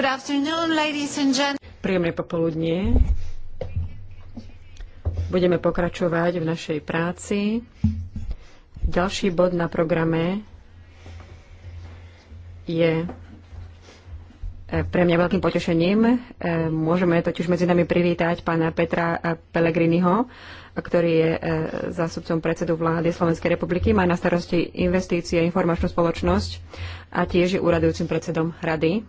Good afternoon, ladies and gentlemen. Príjemné popoludnie. Budeme pokračovať v našej práci. Ďalší bod na programe je e, pre mňa veľkým potešením. E, môžeme totiž medzi nami privítať pána Petra e, Pellegriniho, ktorý je zástupcom predsedu vlády Slovenskej republiky, má na starosti investície a informačnú spoločnosť a tiež je úradujúcim predsedom rady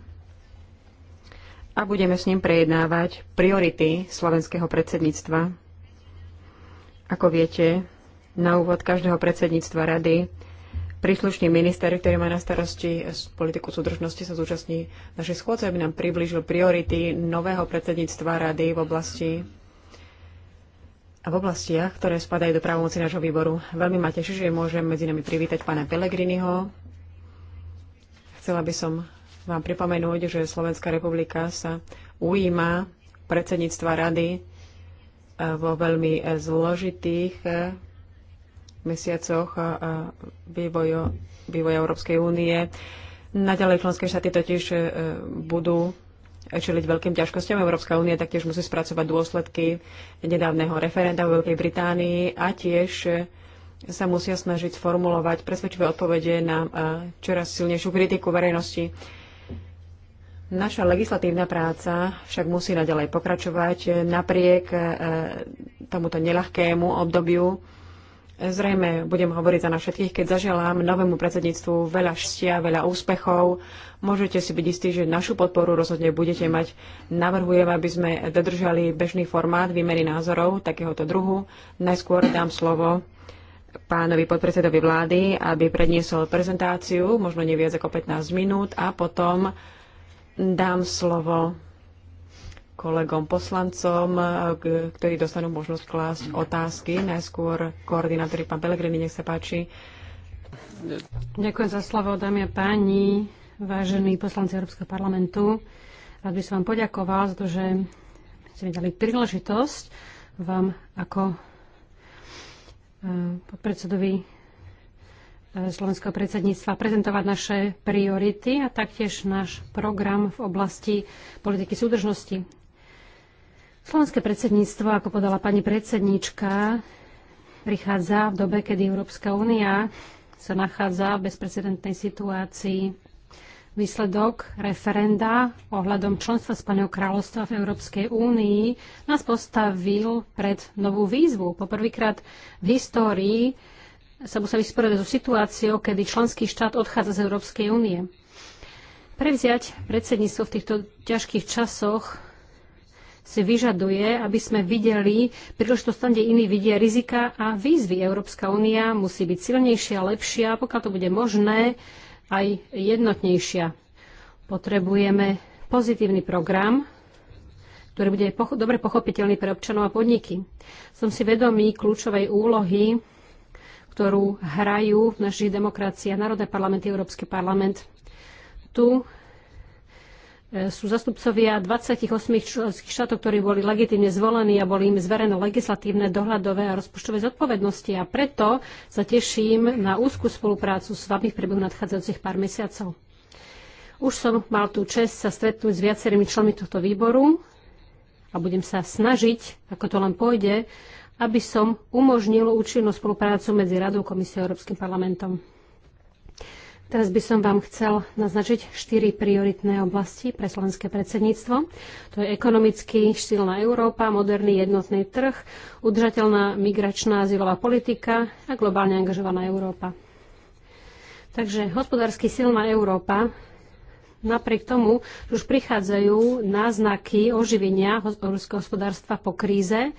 a budeme s ním prejednávať priority slovenského predsedníctva. Ako viete, na úvod každého predsedníctva rady príslušný minister, ktorý má na starosti politiku súdržnosti, sa zúčastní našej schôdze, aby nám priblížil priority nového predsedníctva rady v oblasti a v oblastiach, ktoré spadajú do právomoci nášho výboru. Veľmi ma teší, že môžem medzi nami privítať pána Pelegriniho. Chcela by som vám pripomenúť, že Slovenská republika sa ujíma predsedníctva rady eh, vo veľmi eh, zložitých eh, mesiacoch vývoju, vývoja Európskej únie. Naďalej členské štáty totiž budú čeliť veľkým ťažkosťom. Európska únia taktiež musí spracovať dôsledky nedávneho referenda v Veľkej Británii a tiež sa musia snažiť formulovať presvedčivé odpovede na čoraz silnejšiu kritiku verejnosti. Naša legislatívna práca však musí naďalej pokračovať napriek e, tomuto neľahkému obdobiu. Zrejme budem hovoriť za nás všetkých, keď zaželám novému predsedníctvu veľa štia, veľa úspechov. Môžete si byť istí, že našu podporu rozhodne budete mať. Navrhujem, aby sme dodržali bežný formát výmery názorov takéhoto druhu. Najskôr dám slovo pánovi podpredsedovi vlády, aby predniesol prezentáciu, možno neviac ako 15 minút, a potom dám slovo kolegom poslancom, ktorí dostanú možnosť klásť otázky. Najskôr koordinátori pán Pelegrini, nech sa páči. Ďakujem za slovo, dámy a páni, vážení poslanci Európskeho parlamentu. Rád by som vám poďakoval za to, že ste mi dali príležitosť vám ako eh, podpredsedovi slovenského predsedníctva prezentovať naše priority a taktiež náš program v oblasti politiky súdržnosti. Slovenské predsedníctvo, ako podala pani predsedníčka, prichádza v dobe, kedy Európska únia sa nachádza v bezprecedentnej situácii. Výsledok referenda ohľadom členstva Spaného kráľovstva v Európskej únii nás postavil pred novú výzvu. Poprvýkrát v histórii sa musia vysporiadať so situáciou, kedy členský štát odchádza z Európskej únie. Prevziať predsedníctvo v týchto ťažkých časoch si vyžaduje, aby sme videli príležitosť tam, kde iní vidia rizika a výzvy. Európska únia musí byť silnejšia, lepšia, pokiaľ to bude možné, aj jednotnejšia. Potrebujeme pozitívny program, ktorý bude pocho- dobre pochopiteľný pre občanov a podniky. Som si vedomý kľúčovej úlohy ktorú hrajú v našich demokraciách Národné parlamenty, Európsky parlament. Tu e, sú zastupcovia 28 členských štátov, ktorí boli legitimne zvolení a boli im zverené legislatívne, dohľadové a rozpočtové zodpovednosti. A preto sa teším na úzkú spoluprácu s vami v priebehu nadchádzajúcich pár mesiacov. Už som mal tú čest sa stretnúť s viacerými členmi tohto výboru a budem sa snažiť, ako to len pôjde, aby som umožnil účinnú spoluprácu medzi Radou, Komisiou a Európskym parlamentom. Teraz by som vám chcel naznačiť štyri prioritné oblasti pre slovenské predsedníctvo. To je ekonomicky silná Európa, moderný jednotný trh, udržateľná migračná azylová politika a globálne angažovaná Európa. Takže hospodársky silná Európa napriek tomu, že už prichádzajú náznaky oživenia ruského hospodárstva po kríze,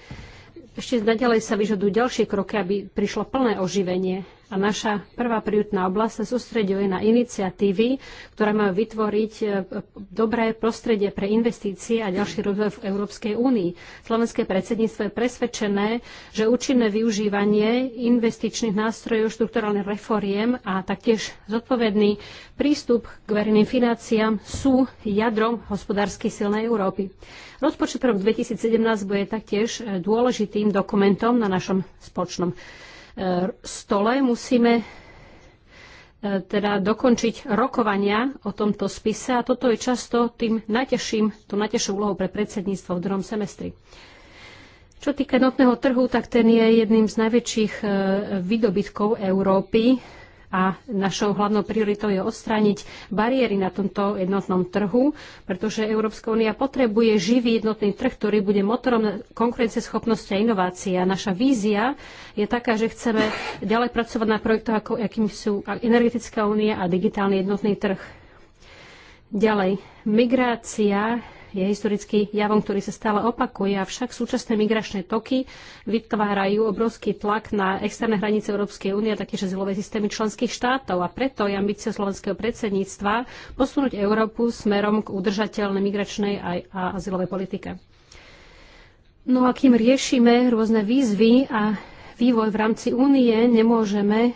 ešte naďalej sa vyžadujú ďalšie kroky, aby prišlo plné oživenie a naša prvá prioritná oblasť sa sústreduje na iniciatívy, ktoré majú vytvoriť e, dobré prostredie pre investície a ďalší rozvoj v Európskej únii. Slovenské predsedníctvo je presvedčené, že účinné využívanie investičných nástrojov, štrukturálnych reforiem a taktiež zodpovedný prístup k verejným financiám sú jadrom hospodársky silnej Európy. Rozpočet pre rok 2017 bude taktiež e, dôležitým dokumentom na našom spoločnom stole musíme e, teda dokončiť rokovania o tomto spise a toto je často tým najťažším, tú najtežšou úlohou pre predsedníctvo v druhom semestri. Čo týka jednotného trhu, tak ten je jedným z najväčších e, výdobytkov Európy a našou hlavnou prioritou je odstrániť bariéry na tomto jednotnom trhu, pretože Európska únia potrebuje živý jednotný trh, ktorý bude motorom konkurencieschopnosti a inovácií. A naša vízia je taká, že chceme ďalej pracovať na projektoch, ako, akým sú energetická únia a digitálny jednotný trh. Ďalej, migrácia je historický javom, ktorý sa stále opakuje, avšak súčasné migračné toky vytvárajú obrovský tlak na externé hranice Európskej únie a taktiež azylové systémy členských štátov. A preto je ambícia slovenského predsedníctva posunúť Európu smerom k udržateľnej migračnej a, a azylovej politike. No a kým riešime rôzne výzvy a vývoj v rámci únie, nemôžeme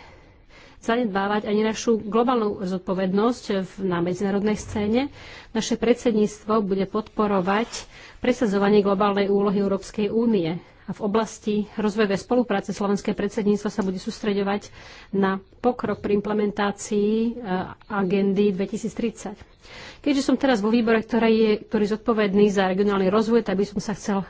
zanedbávať ani našu globálnu zodpovednosť na medzinárodnej scéne. Naše predsedníctvo bude podporovať presadzovanie globálnej úlohy Európskej únie a v oblasti rozvojovej spolupráce slovenské predsedníctvo sa bude sústreďovať na pokrok pri implementácii eh, agendy 2030. Keďže som teraz vo výbore, ktorý je, ktorý zodpovedný za regionálny rozvoj, tak by som sa chcel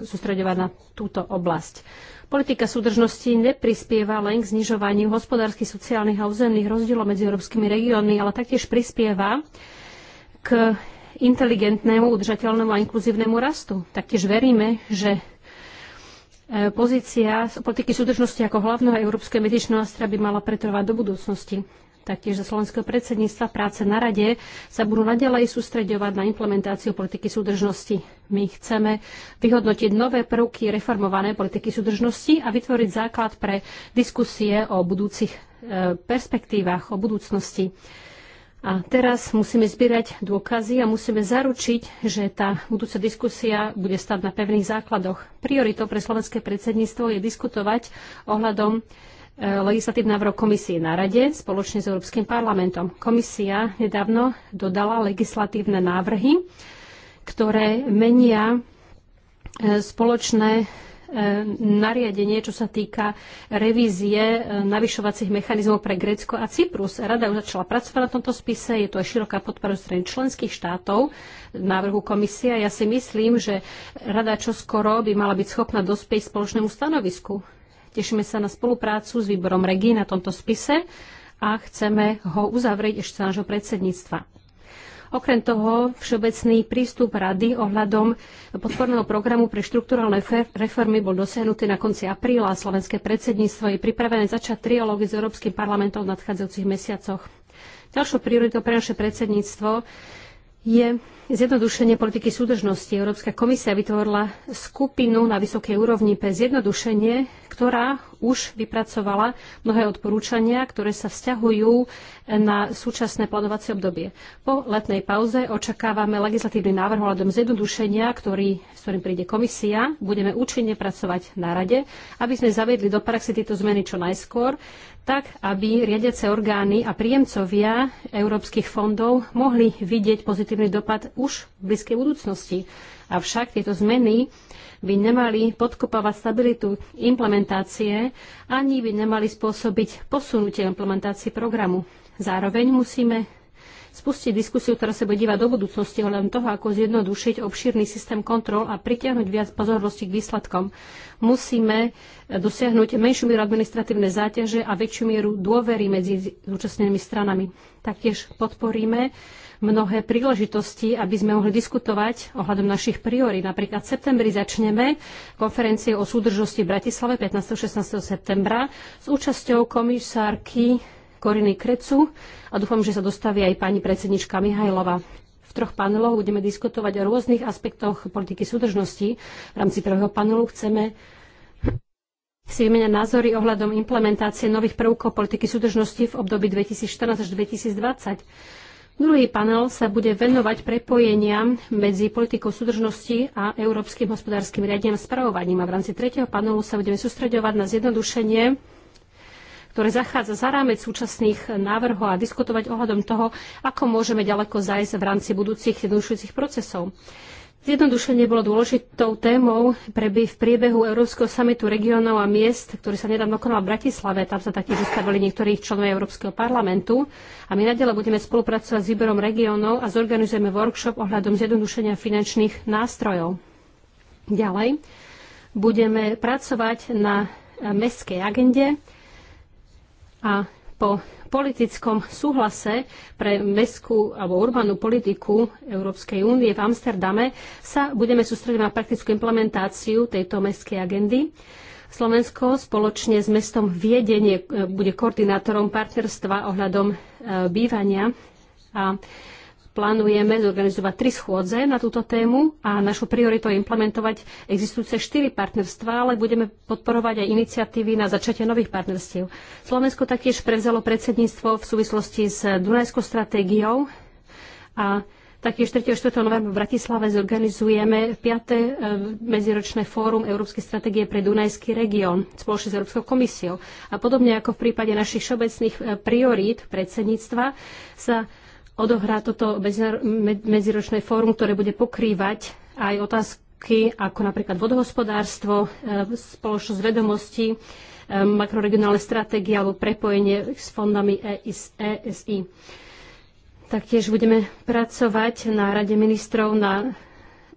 sústreďovať na túto oblasť. Politika súdržnosti neprispieva len k znižovaniu hospodárskych, sociálnych a územných rozdielov medzi európskymi regiónmi, ale taktiež prispieva k inteligentnému, udržateľnému a inkluzívnemu rastu. Taktiež veríme, že e, pozícia politiky súdržnosti ako hlavného európskeho medičného nástroja by mala pretrvať do budúcnosti taktiež za slovenského predsedníctva práce na rade sa budú naďalej sústreďovať na implementáciu politiky súdržnosti. My chceme vyhodnotiť nové prvky reformované politiky súdržnosti a vytvoriť základ pre diskusie o budúcich e, perspektívach, o budúcnosti. A teraz musíme zbierať dôkazy a musíme zaručiť, že tá budúca diskusia bude stať na pevných základoch. Prioritou pre slovenské predsedníctvo je diskutovať ohľadom E, legislatívny v komisie na rade spoločne s Európskym parlamentom. Komisia nedávno dodala legislatívne návrhy, ktoré menia e, spoločné e, nariadenie, čo sa týka revízie navyšovacích mechanizmov pre Grécko a Cyprus. Rada už začala pracovať na tomto spise, je to aj široká podpora strany členských štátov návrhu komisia. Ja si myslím, že rada čoskoro by mala byť schopná dospieť spoločnému stanovisku Tešíme sa na spoluprácu s výborom Regi na tomto spise a chceme ho uzavrieť ešte nášho predsedníctva. Okrem toho, všeobecný prístup rady ohľadom podporného programu pre štruktúralné reformy bol dosiahnutý na konci apríla a slovenské predsedníctvo je pripravené začať trialógy s Európskym parlamentom v nadchádzajúcich mesiacoch. Ďalšou prioritou pre naše predsedníctvo je zjednodušenie politiky súdržnosti. Európska komisia vytvorila skupinu na vysokej úrovni pre zjednodušenie ktorá už vypracovala mnohé odporúčania, ktoré sa vzťahujú na súčasné plánovacie obdobie. Po letnej pauze očakávame legislatívny návrh hľadom zjednodušenia, ktorý, s ktorým príde komisia. Budeme účinne pracovať na rade, aby sme zaviedli do praxe tieto zmeny čo najskôr, tak aby riadiace orgány a príjemcovia európskych fondov mohli vidieť pozitívny dopad už v blízkej budúcnosti. Avšak tieto zmeny by nemali podkopávať stabilitu implementácie, ani by nemali spôsobiť posunutie implementácie programu. Zároveň musíme spustiť diskusiu, ktorá sa bude dívať do budúcnosti ohľadom toho, ako zjednodušiť obšírny systém kontrol a pritiahnuť viac pozornosti k výsledkom. Musíme dosiahnuť menšiu mieru administratívnej záťaže a väčšiu mieru dôvery medzi zúčastnenými stranami. Taktiež podporíme mnohé príležitosti, aby sme mohli diskutovať ohľadom našich priory. Napríklad v septembri začneme konferencie o súdržnosti v Bratislave 15. 16. septembra s účasťou komisárky Koriny Krecu a dúfam, že sa dostaví aj pani predsednička Mihajlova. V troch paneloch budeme diskutovať o rôznych aspektoch politiky súdržnosti. V rámci prvého panelu chceme si vymenia názory ohľadom implementácie nových prvkov politiky súdržnosti v období 2014 až 2020. Druhý panel sa bude venovať prepojeniam medzi politikou súdržnosti a európskym hospodárskym riadením a spravovaním. A v rámci tretieho panelu sa budeme sústreďovať na zjednodušenie ktoré zachádza za rámec súčasných návrhov a diskutovať ohľadom toho, ako môžeme ďaleko zajsť v rámci budúcich jednodušujúcich procesov. Zjednodušenie bolo dôležitou témou pre by v priebehu Európskeho samitu regionov a miest, ktorý sa nedávno konal v Bratislave. Tam sa taktiež zastavili niektorých členov Európskeho parlamentu. A my nadalej budeme spolupracovať s výberom regiónov a zorganizujeme workshop ohľadom zjednodušenia finančných nástrojov. Ďalej budeme pracovať na mestskej agende a po politickom súhlase pre mestskú alebo urbanú politiku Európskej únie v Amsterdame sa budeme sústrediť na praktickú implementáciu tejto mestskej agendy. Slovensko spoločne s mestom Viedenie e, bude koordinátorom partnerstva ohľadom e, bývania a plánujeme zorganizovať tri schôdze na túto tému a našu prioritu je implementovať existujúce štyri partnerstva, ale budeme podporovať aj iniciatívy na začatie nových partnerstiev. Slovensko taktiež prevzalo predsedníctvo v súvislosti s Dunajskou stratégiou a Taktiež 3. a 4. novembra v Bratislave zorganizujeme 5. E, medziročné fórum Európskej stratégie pre Dunajský región spoločne s Európskou komisiou. A podobne ako v prípade našich všeobecných e, priorít predsedníctva sa odohrá toto medziročné fórum, ktoré bude pokrývať aj otázky ako napríklad vodohospodárstvo, e, spoločnosť vedomostí, e, makroregionálne stratégie alebo prepojenie s fondami ESI. E Taktiež budeme pracovať na Rade ministrov na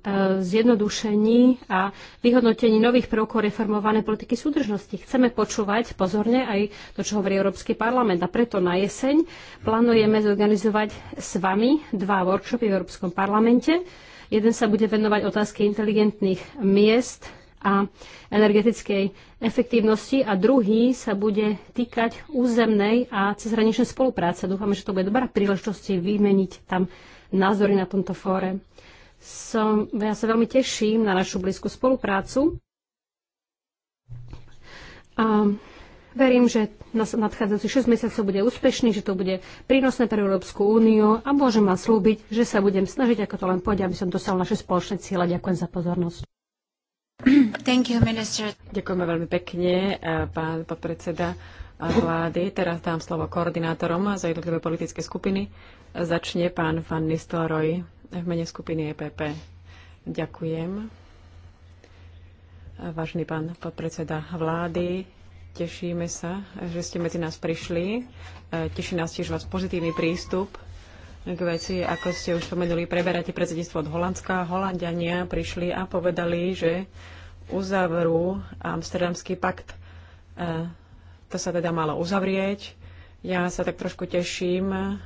E, zjednodušení a vyhodnotení nových prvkov reformovanej politiky súdržnosti. Chceme počúvať pozorne aj to, čo hovorí Európsky parlament. A preto na jeseň plánujeme zorganizovať s vami dva workshopy v Európskom parlamente. Jeden sa bude venovať otázke inteligentných miest a energetickej efektívnosti a druhý sa bude týkať územnej a cezhraničnej spolupráce. Dúfame, že to bude dobrá príležitosť vymeniť tam názory na tomto fóre som, ja sa veľmi teším na našu blízku spoluprácu. A verím, že nadchádzajúci 6 mesiacov bude úspešný, že to bude prínosné pre Európsku úniu a môžem vám slúbiť, že sa budem snažiť, ako to len pôjde, aby som dosiahol naše spoločné cieľe. Ďakujem za pozornosť. Thank you, minister. Ďakujeme veľmi pekne, eh, pán podpredseda vlády. Teraz dám slovo koordinátorom za jednotlivé politické skupiny. Začne pán Van Nistelrooy v mene skupiny EPP. Ďakujem. Vážny pán podpredseda vlády, tešíme sa, že ste medzi nás prišli. E, teší nás tiež vás pozitívny prístup k veci, ako ste už spomenuli, preberáte predsedníctvo od Holandska. Holandiania prišli a povedali, že uzavrú Amsterdamský pakt. E, to sa teda malo uzavrieť. Ja sa tak trošku teším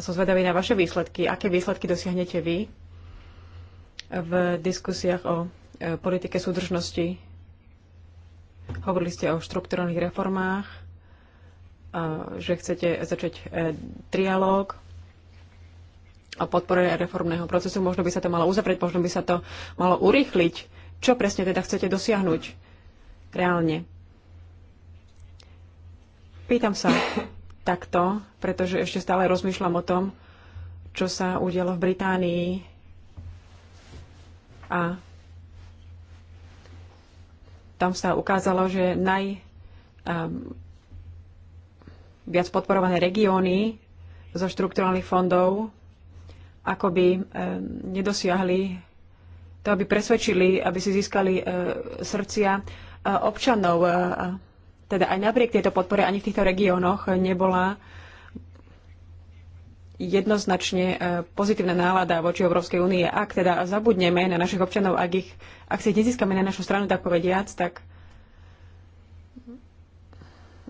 som zvedavý na vaše výsledky. Aké výsledky dosiahnete vy v diskusiách o e, politike súdržnosti? Hovorili ste o štruktúrnych reformách, e, že chcete začať e, trialóg o podpore reformného procesu. Možno by sa to malo uzavrieť, možno by sa to malo urýchliť. Čo presne teda chcete dosiahnuť reálne? Pýtam sa, takto, pretože ešte stále rozmýšľam o tom, čo sa udialo v Británii a tam sa ukázalo, že naj um, viac podporované regióny zo štrukturálnych fondov akoby um, nedosiahli to, aby presvedčili, aby si získali uh, srdcia uh, občanov uh, teda aj napriek tejto podpore ani v týchto regiónoch nebola jednoznačne e, pozitívna nálada voči Európskej únie. Ak teda zabudneme na našich občanov, ak, ich, ak si ich nezískame na našu stranu, tak povediac, tak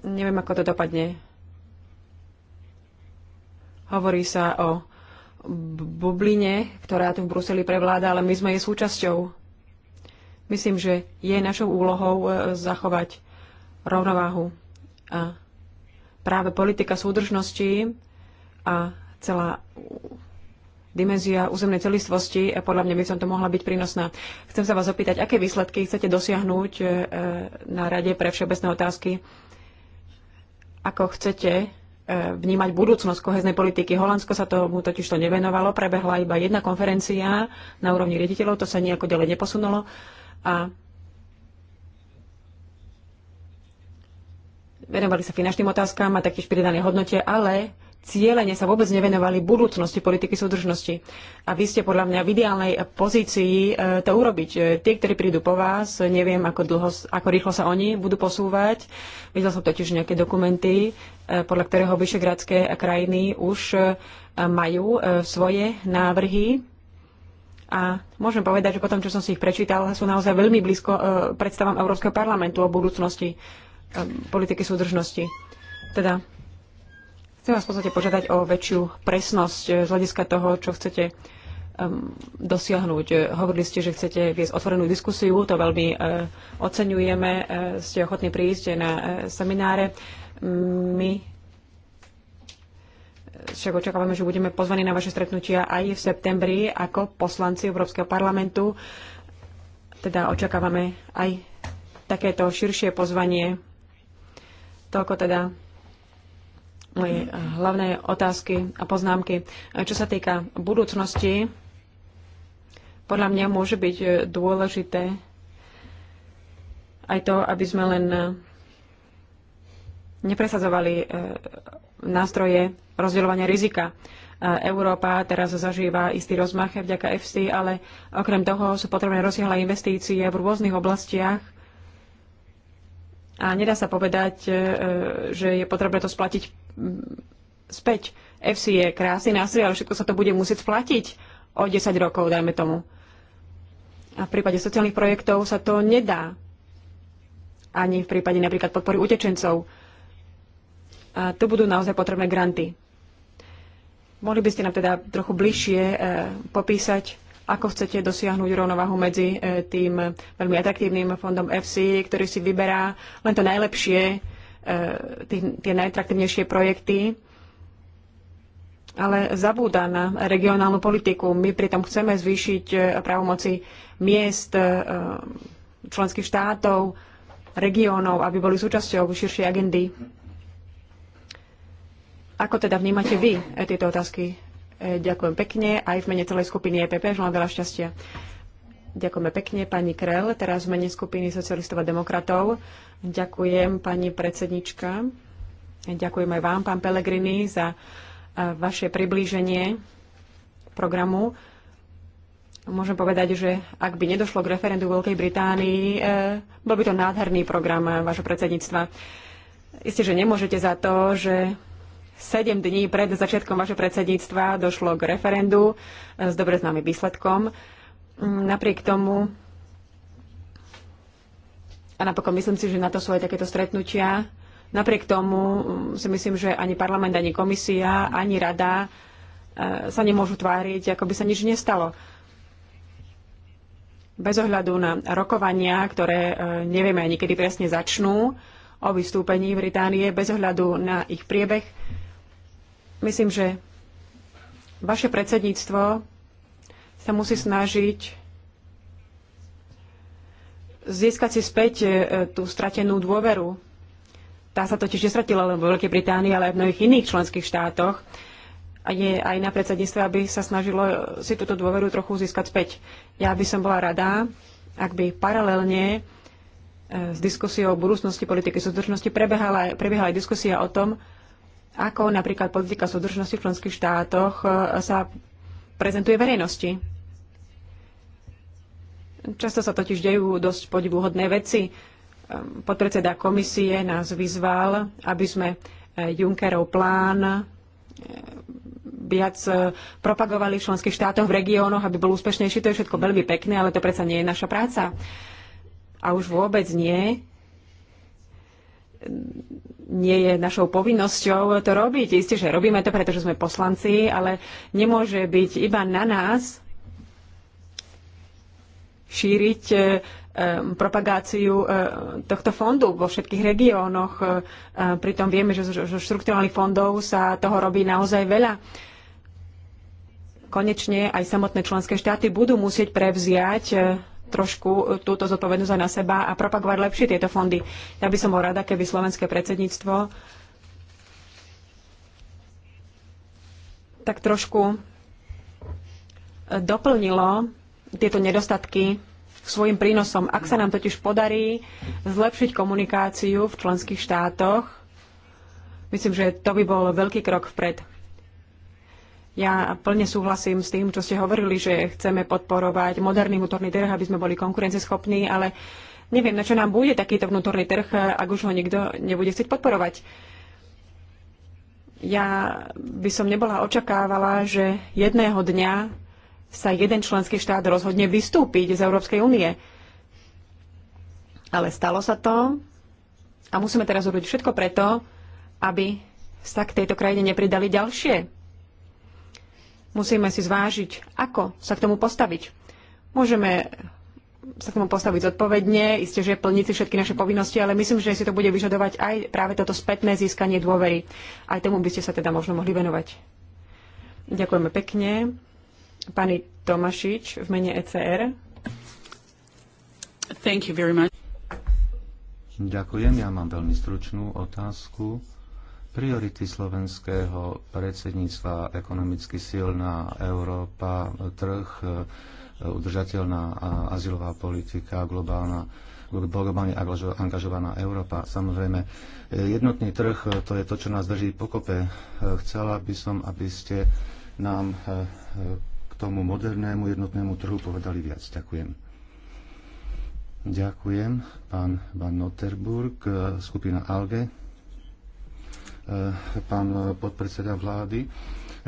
neviem, ako to dopadne. Hovorí sa o bubline, ktorá tu v Bruseli prevláda, ale my sme jej súčasťou. Myslím, že je našou úlohou e, zachovať rovnováhu. A práve politika súdržnosti a celá dimenzia územnej celistvosti, e, podľa mňa by som to mohla byť prínosná. Chcem sa vás opýtať, aké výsledky chcete dosiahnuť e, na Rade pre všeobecné otázky? Ako chcete e, vnímať budúcnosť koheznej politiky. Holandsko sa tomu totiž to nevenovalo, prebehla iba jedna konferencia na úrovni riaditeľov, to sa nejako ďalej neposunulo. A venovali sa finančným otázkam a taktiež pridané hodnote, ale cieľene sa vôbec nevenovali budúcnosti politiky súdržnosti. A vy ste podľa mňa v ideálnej pozícii e, to urobiť. E, Tí, ktorí prídu po vás, neviem, ako, dlho, ako rýchlo sa oni budú posúvať. Videl som totiž nejaké dokumenty, e, podľa ktorého vyšegradské krajiny už majú svoje návrhy a môžem povedať, že potom, čo som si ich prečítal, sú naozaj veľmi blízko predstavám Európskeho parlamentu o budúcnosti. Um, politiky súdržnosti. Teda chcem vás v podstate požiadať o väčšiu presnosť eh, z hľadiska toho, čo chcete um, dosiahnuť. Hovorili ste, že chcete viesť otvorenú diskusiu, to veľmi uh, oceňujeme, uh, ste ochotní prísť na uh, semináre. Mm, my však očakávame, že budeme pozvaní na vaše stretnutia aj v septembri ako poslanci Európskeho parlamentu. Teda očakávame aj takéto širšie pozvanie Toľko teda moje eh, hlavné otázky a poznámky. Eh, čo sa týka budúcnosti, podľa mňa môže byť eh, dôležité aj to, aby sme len nepresadzovali nástroje rozdeľovania rizika. Európa teraz zažíva istý rozmach vďaka FC, ale okrem toho sú potrebné rozsiahle investície v rôznych oblastiach, a nedá sa povedať, e, že je potrebné to splatiť mm, späť. FC je krásny nástroj, ale všetko sa to bude musieť splatiť o 10 rokov, dajme tomu. A v prípade sociálnych projektov sa to nedá. Ani v prípade napríklad podpory utečencov. A tu budú naozaj potrebné granty. Mohli by ste nám teda trochu bližšie e, popísať, ako chcete dosiahnuť rovnovahu medzi e, tým veľmi atraktívnym fondom FC, ktorý si vyberá len to najlepšie, e, tie najatraktívnejšie projekty, ale zabúda na regionálnu politiku. My pritom chceme zvýšiť e, právomoci miest, členských štátov, regiónov, aby boli súčasťou širšej agendy. Ako teda vnímate vy tieto otázky Ďakujem pekne aj v mene celej skupiny EPP. Želám veľa šťastia. Ďakujeme pekne pani Krel, teraz v mene skupiny socialistov a demokratov. Ďakujem pani predsednička. Ďakujem aj vám, pán Pelegrini, za vaše priblíženie programu. Môžem povedať, že ak by nedošlo k referendu v Veľkej Británii, e, bol by to nádherný program e, vášho predsedníctva. Isté, že nemôžete za to, že 7 dní pred začiatkom vašho predsedníctva došlo k referendu eh, s dobre známym výsledkom. Mm, napriek tomu, a napokon myslím si, že na to sú aj takéto stretnutia, napriek tomu mm, si myslím, že ani parlament, ani komisia, ani rada eh, sa nemôžu tváriť, ako by sa nič nestalo. Bez ohľadu na rokovania, ktoré eh, nevieme ani kedy presne začnú, o vystúpení Británie bez ohľadu na ich priebeh. Myslím, že vaše predsedníctvo sa musí snažiť získať si späť e, tú stratenú dôveru. Tá sa totiž nestratila len vo Veľkej Británii, ale aj v mnohých iných členských štátoch. A je aj na predsedníctve, aby sa snažilo e, si túto dôveru trochu získať späť. Ja by som bola rada, ak by paralelne e, s diskusiou o budúcnosti politiky súdržnosti prebiehala, prebiehala aj diskusia o tom, ako napríklad politika súdržnosti v členských štátoch e, sa prezentuje verejnosti. Často sa totiž dejú dosť podivuhodné veci. E, podpredseda komisie nás vyzval, aby sme e, Junckerov plán viac propagovali v členských štátoch, v regiónoch, aby bol úspešnejší. To je všetko veľmi pekné, ale to predsa nie je naša práca. A už vôbec nie nie je našou povinnosťou to robiť. Isté, že robíme to, pretože sme poslanci, ale nemôže byť iba na nás šíriť e, e, propagáciu e, tohto fondu vo všetkých regiónoch. Pritom vieme, že zo štrukturálnych fondov sa toho robí naozaj veľa. Konečne aj samotné členské štáty budú musieť prevziať trošku e, túto zodpovednosť aj na seba a propagovať lepšie tieto fondy. Ja by som bol rada, keby slovenské predsedníctvo tak trošku e, doplnilo tieto nedostatky svojim prínosom. Ak sa nám totiž podarí zlepšiť komunikáciu v členských štátoch, myslím, že to by bol veľký krok vpred. Ja plne súhlasím s tým, čo ste hovorili, že chceme podporovať moderný vnútorný trh, aby sme boli konkurenceschopní, ale neviem, na čo nám bude takýto vnútorný trh, ak už ho nikto nebude chcieť podporovať. Ja by som nebola očakávala, že jedného dňa sa jeden členský štát rozhodne vystúpiť z Európskej únie. Ale stalo sa to a musíme teraz urobiť všetko preto, aby sa k tejto krajine nepridali ďalšie Musíme si zvážiť, ako sa k tomu postaviť. Môžeme sa k tomu postaviť zodpovedne, isté, že plniť si všetky naše povinnosti, ale myslím, že si to bude vyžadovať aj práve toto spätné získanie dôvery. Aj tomu by ste sa teda možno mohli venovať. Ďakujeme pekne. Pani Tomašič v mene ECR. Thank you very much. Ďakujem, ja mám veľmi stručnú otázku. Priority slovenského predsedníctva ekonomicky silná Európa, trh, e, udržateľná azylová politika, globálna globálne angažovaná Európa. Samozrejme, e, jednotný trh, e, to je to, čo nás drží pokope. Chcela by som, aby ste nám k tomu modernému jednotnému trhu povedali viac. Ďakujem. Ďakujem, pán Van Noterburg, skupina ALGE. Eh, pán eh, podpredseda vlády.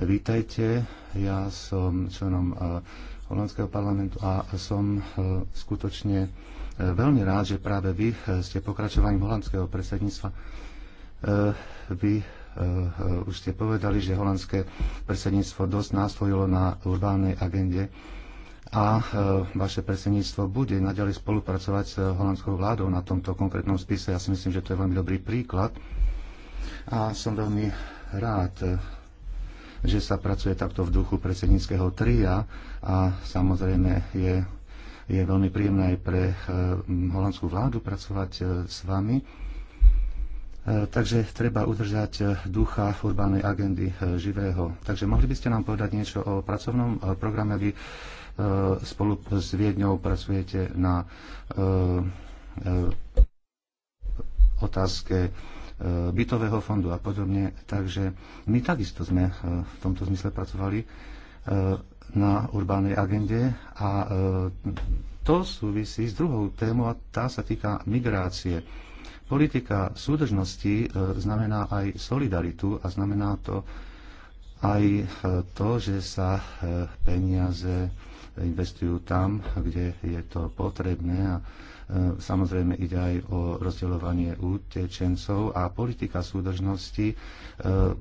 Vítajte, ja som členom eh, holandského parlamentu a som skutočne veľmi rád, že práve vy ste pokračovaním holandského predsedníctva. Vy už ste povedali, že holandské predsedníctvo dosť nástvojilo na urbánnej agende a vaše predsedníctvo bude naďalej spolupracovať s holandskou vládou na tomto konkrétnom spise. Ja si myslím, že to je veľmi dobrý príklad a som veľmi rád, že sa pracuje takto v duchu predsedníckého tria a samozrejme je, je veľmi príjemné aj pre eh, holandskú vládu pracovať eh, s vami. Eh, takže treba udržať ducha urbánej agendy živého. Takže mohli by ste nám povedať niečo o pracovnom programe? Vy spolu s Viedňou pracujete na otázke E, bytového fondu a podobne. Takže my takisto sme e, v tomto zmysle pracovali e, na urbánej agende a to súvisí s druhou témou a tá sa týka migrácie. Politika súdržnosti znamená aj solidaritu a znamená to aj to, že sa peniaze investujú tam, kde je to potrebné a E, samozrejme ide aj o rozdeľovanie utečencov a politika súdržnosti e,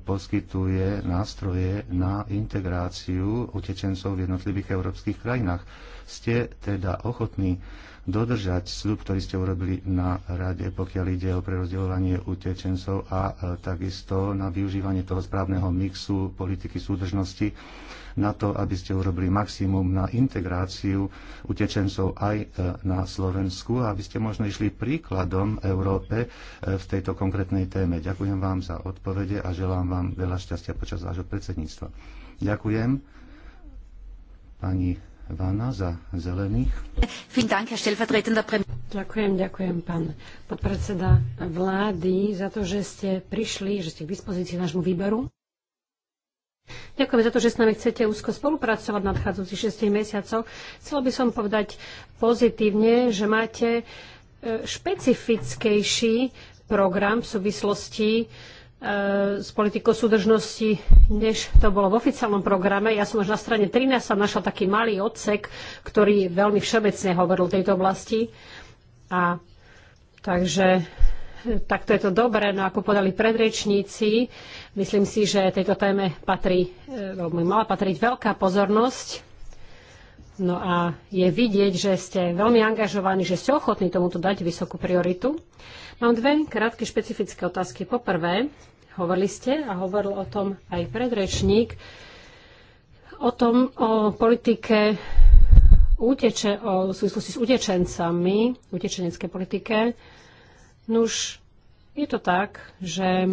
poskytuje nástroje na integráciu utečencov v jednotlivých európskych krajinách. Ste teda ochotní dodržať slub, ktorý ste urobili na rade, pokiaľ ide o prerozdeľovanie utečencov a e, takisto na využívanie toho správneho mixu politiky súdržnosti na to, aby ste urobili maximum na integráciu utečencov aj e, na Slovensku a aby ste možno išli príkladom Európe e, v tejto konkrétnej téme. Ďakujem vám za odpovede a želám vám veľa šťastia počas vášho predsedníctva. Ďakujem pani Vána za zelených. Ďakujem, ďakujem, pán podpredseda vlády, za to, že ste prišli, že ste k dispozícii nášmu výberu. Ďakujem za to, že s nami chcete úzko spolupracovať v nadchádzajúcich 6 mesiacov. Chcela by som povedať pozitívne, že máte e, špecifickejší program v súvislosti e, s politikou súdržnosti, než to bolo v oficiálnom programe. Ja som až na strane 13 sa našla taký malý odsek, ktorý veľmi všeobecne hovoril o tejto oblasti. A takže e, takto je to dobré, no ako podali predrečníci, Myslím si, že tejto téme patrí, e, by mala patriť veľká pozornosť. No a je vidieť, že ste veľmi angažovaní, že ste ochotní tomuto dať vysokú prioritu. Mám dve krátke špecifické otázky. Poprvé, hovorili ste a hovoril o tom aj predrečník, o tom, o politike úteče, o súvislosti s utečencami, utečeneckej politike. Nuž, je to tak, že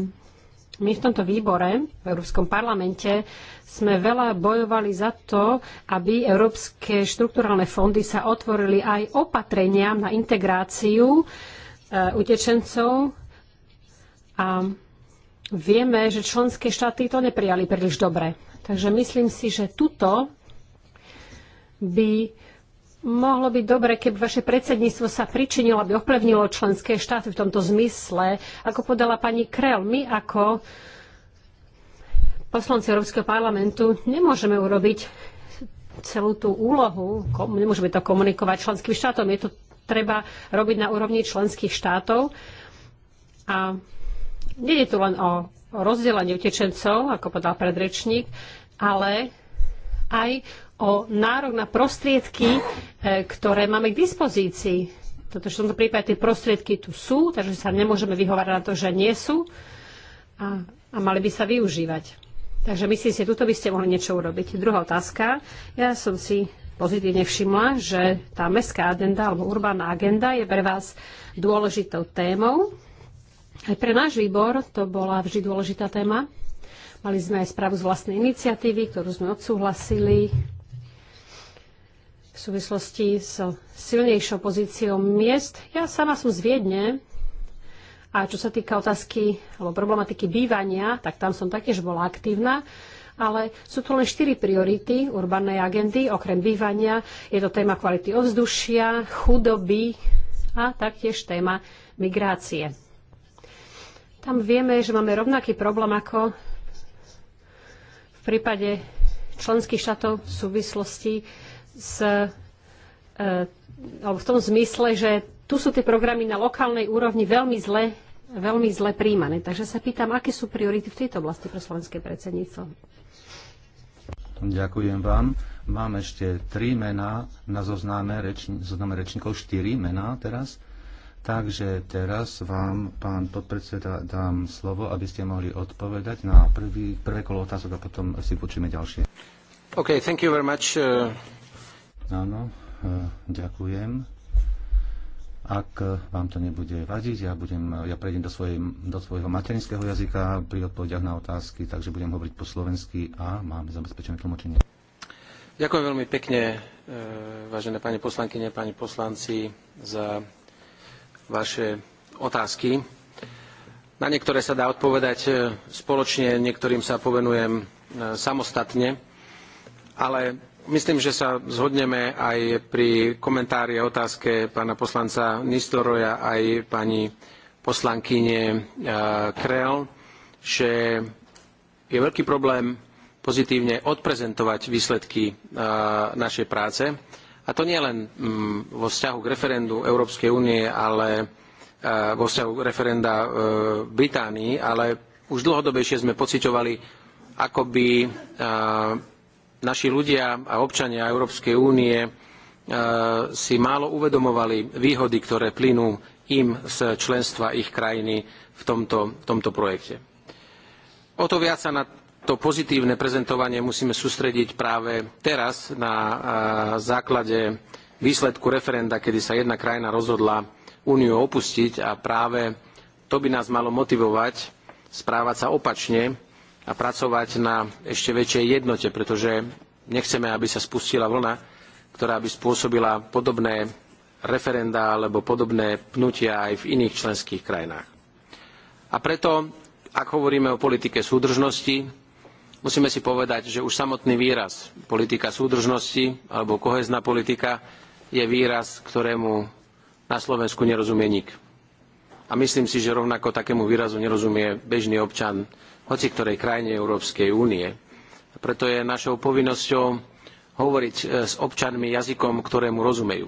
my v tomto výbore, v Európskom parlamente, sme veľa bojovali za to, aby európske štrukturálne fondy sa otvorili aj opatreniam na integráciu e, utečencov. A vieme, že členské štáty to neprijali príliš dobre. Takže myslím si, že tuto by mohlo by dobre, keby vaše predsedníctvo sa pričinilo, aby ovplyvnilo členské štáty v tomto zmysle. Ako podala pani Krell, my ako poslanci Európskeho parlamentu nemôžeme urobiť celú tú úlohu, nemôžeme to komunikovať členským štátom, je to treba robiť na úrovni členských štátov. A nie je tu len o rozdelenie utečencov, ako povedal predrečník, ale aj o nárok na prostriedky, e, ktoré máme k dispozícii. Toto, v tomto prípade tie prostriedky tu sú, takže sa nemôžeme vyhovárať na to, že nie sú a, a mali by sa využívať. Takže myslím si, tuto by ste mohli niečo urobiť. Druhá otázka. Ja som si pozitívne všimla, že tá mestská agenda alebo urbánna agenda je pre vás dôležitou témou. Aj pre náš výbor to bola vždy dôležitá téma. Mali sme aj správu z vlastnej iniciatívy, ktorú sme odsúhlasili súvislosti so silnejšou pozíciou miest. Ja sama som z Viedne a čo sa týka otázky alebo problematiky bývania, tak tam som taktiež bola aktívna ale sú tu len štyri priority urbanej agendy, okrem bývania. Je to téma kvality ovzdušia, chudoby a taktiež téma migrácie. Tam vieme, že máme rovnaký problém ako v prípade členských štátov v súvislosti s, e, alebo v tom zmysle, že tu sú tie programy na lokálnej úrovni veľmi zle, veľmi zle príjmané. Takže sa pýtam, aké sú priority v tejto oblasti pre slovenské predsedníctvo? Ďakujem vám. Mám ešte tri mená na zozname, rečni, rečníkov, štyri mená teraz. Takže teraz vám, pán podpredseda, dám slovo, aby ste mohli odpovedať na prvý, prvé kolo otázok a potom si počujeme ďalšie. OK, thank you very much. Uh... Áno, eh, ďakujem. Ak vám to nebude vadiť, ja, budem, ja prejdem do, svojej, do svojho materinského jazyka pri odpovediach na otázky, takže budem hovoriť po slovensky a máme zabezpečené tlmočenie. Ďakujem veľmi pekne, eh, vážené pani poslankyne, pani poslanci, za vaše otázky. Na niektoré sa dá odpovedať eh, spoločne, niektorým sa povenujem samostatne, ale Myslím, že sa zhodneme aj pri komentári a otázke pána poslanca Nistoroja aj pani poslankyne e, Krell, že je veľký problém pozitívne odprezentovať výsledky e, našej práce. A to nie len mm, vo vzťahu k referendu Európskej únie, ale e, vo vzťahu k referenda Británii, ale už dlhodobejšie sme pociťovali akoby naši ľudia a občania Európskej únie e, si málo uvedomovali výhody, ktoré plynú im z členstva ich krajiny v tomto, v tomto projekte. O to viac sa na to pozitívne prezentovanie musíme sústrediť práve teraz na e, základe výsledku referenda, kedy sa jedna krajina rozhodla úniu opustiť a práve to by nás malo motivovať správať sa opačne a pracovať na ešte väčšej jednote, pretože nechceme, aby sa spustila vlna, ktorá by spôsobila podobné referendá alebo podobné pnutia aj v iných členských krajinách. A preto, ak hovoríme o politike súdržnosti, musíme si povedať, že už samotný výraz politika súdržnosti alebo kohezná politika je výraz, ktorému na Slovensku nerozumie nik. A myslím si, že rovnako takému výrazu nerozumie bežný občan hoci ktorej krajine Európskej únie. Preto je našou povinnosťou hovoriť e, s občanmi jazykom, ktorému rozumejú.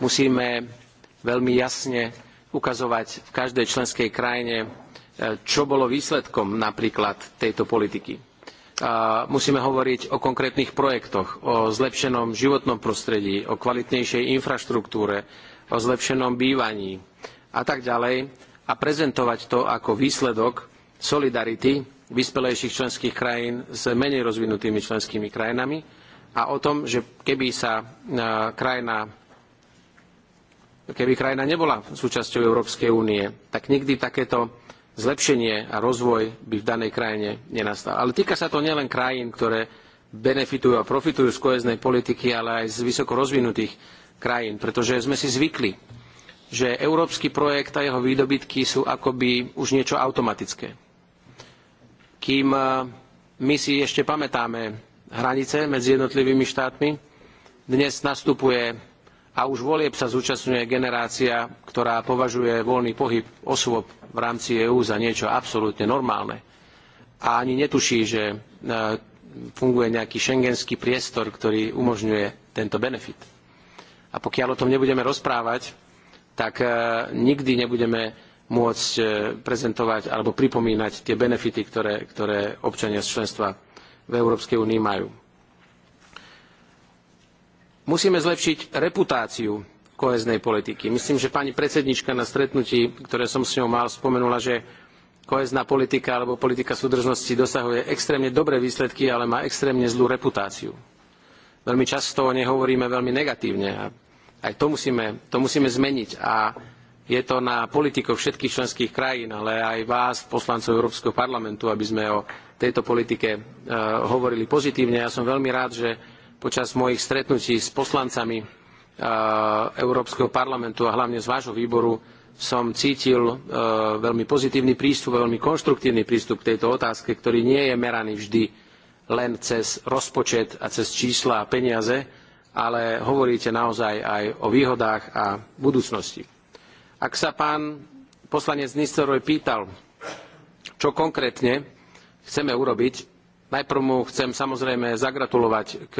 Musíme veľmi jasne ukazovať v každej členskej krajine, e, čo bolo výsledkom napríklad tejto politiky. Musíme hovoriť o konkrétnych projektoch, o zlepšenom životnom prostredí, o kvalitnejšej infraštruktúre, o zlepšenom bývaní a tak ďalej a prezentovať to ako výsledok solidarity vyspelejších členských krajín s menej rozvinutými členskými krajinami a o tom, že keby sa e, krajina keby krajina nebola súčasťou Európskej únie, tak nikdy takéto zlepšenie a rozvoj by v danej krajine nenastal. Ale týka sa to nielen krajín, ktoré benefitujú a profitujú z koheznej politiky, ale aj z vysoko rozvinutých krajín, pretože sme si zvykli, že európsky projekt a jeho výdobytky sú akoby už niečo automatické kým e, my si ešte pamätáme hranice medzi jednotlivými štátmi. Dnes nastupuje a už volieb sa zúčastňuje generácia, ktorá považuje voľný pohyb osôb v rámci EÚ za niečo absolútne normálne. A ani netuší, že e, funguje nejaký šengenský priestor, ktorý umožňuje tento benefit. A pokiaľ o tom nebudeme rozprávať, tak e, nikdy nebudeme môcť e, prezentovať alebo pripomínať tie benefity, ktoré, ktoré občania z členstva v Európskej únii majú. Musíme zlepšiť reputáciu koheznej politiky. Myslím, že pani predsednička na stretnutí, ktoré som s ňou mal, spomenula, že kohezná politika alebo politika súdržnosti dosahuje extrémne dobré výsledky, ale má extrémne zlú reputáciu. Veľmi často o nej hovoríme veľmi negatívne a aj to musíme, to musíme zmeniť. A je to na politikov všetkých členských krajín, ale aj vás, poslancov Európskeho parlamentu, aby sme o tejto politike e, hovorili pozitívne. Ja som veľmi rád, že počas mojich stretnutí s poslancami e, Európskeho parlamentu a hlavne z vášho výboru som cítil e, veľmi pozitívny prístup, a veľmi konštruktívny prístup k tejto otázke, ktorý nie je meraný vždy len cez rozpočet a cez čísla a peniaze, ale hovoríte naozaj aj o výhodách a budúcnosti. Ak sa pán poslanec Nistoroj pýtal, čo konkrétne chceme urobiť, najprv mu chcem samozrejme zagratulovať k,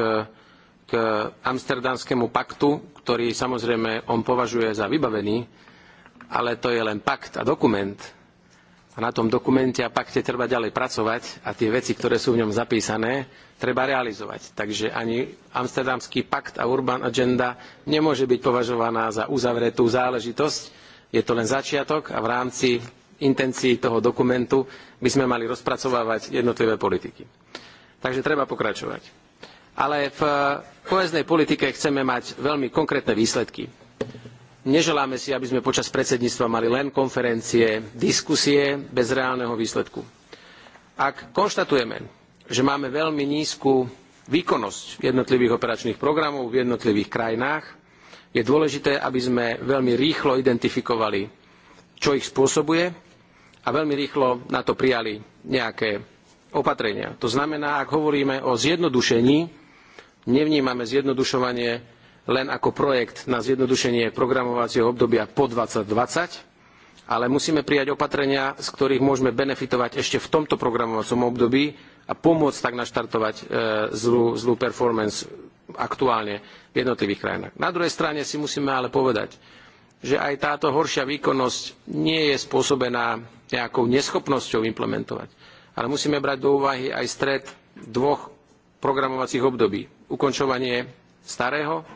k Amsterdamskému paktu, ktorý samozrejme on považuje za vybavený, ale to je len pakt a dokument. A na tom dokumente a pakte treba ďalej pracovať a tie veci, ktoré sú v ňom zapísané, treba realizovať. Takže ani Amsterdamský pakt a Urban Agenda nemôže byť považovaná za uzavretú záležitosť, je to len začiatok a v rámci intencií toho dokumentu by sme mali rozpracovávať jednotlivé politiky. Takže treba pokračovať. Ale v poeznej eh, politike chceme mať veľmi konkrétne výsledky. Neželáme si, aby sme počas predsedníctva mali len konferencie, diskusie bez reálneho výsledku. Ak konštatujeme, že máme veľmi nízku výkonnosť jednotlivých operačných programov v jednotlivých krajinách, je dôležité, aby sme veľmi rýchlo identifikovali, čo ich spôsobuje a veľmi rýchlo na to prijali nejaké opatrenia. To znamená, ak hovoríme o zjednodušení, nevnímame zjednodušovanie len ako projekt na zjednodušenie programovacieho obdobia po 2020, ale musíme prijať opatrenia, z ktorých môžeme benefitovať ešte v tomto programovacom období a pomôcť tak naštartovať e, zlú, zlú performance aktuálne v jednotlivých krajinách. Na druhej strane si musíme ale povedať, že aj táto horšia výkonnosť nie je spôsobená nejakou neschopnosťou implementovať. Ale musíme brať do úvahy aj stred dvoch programovacích období. Ukončovanie starého,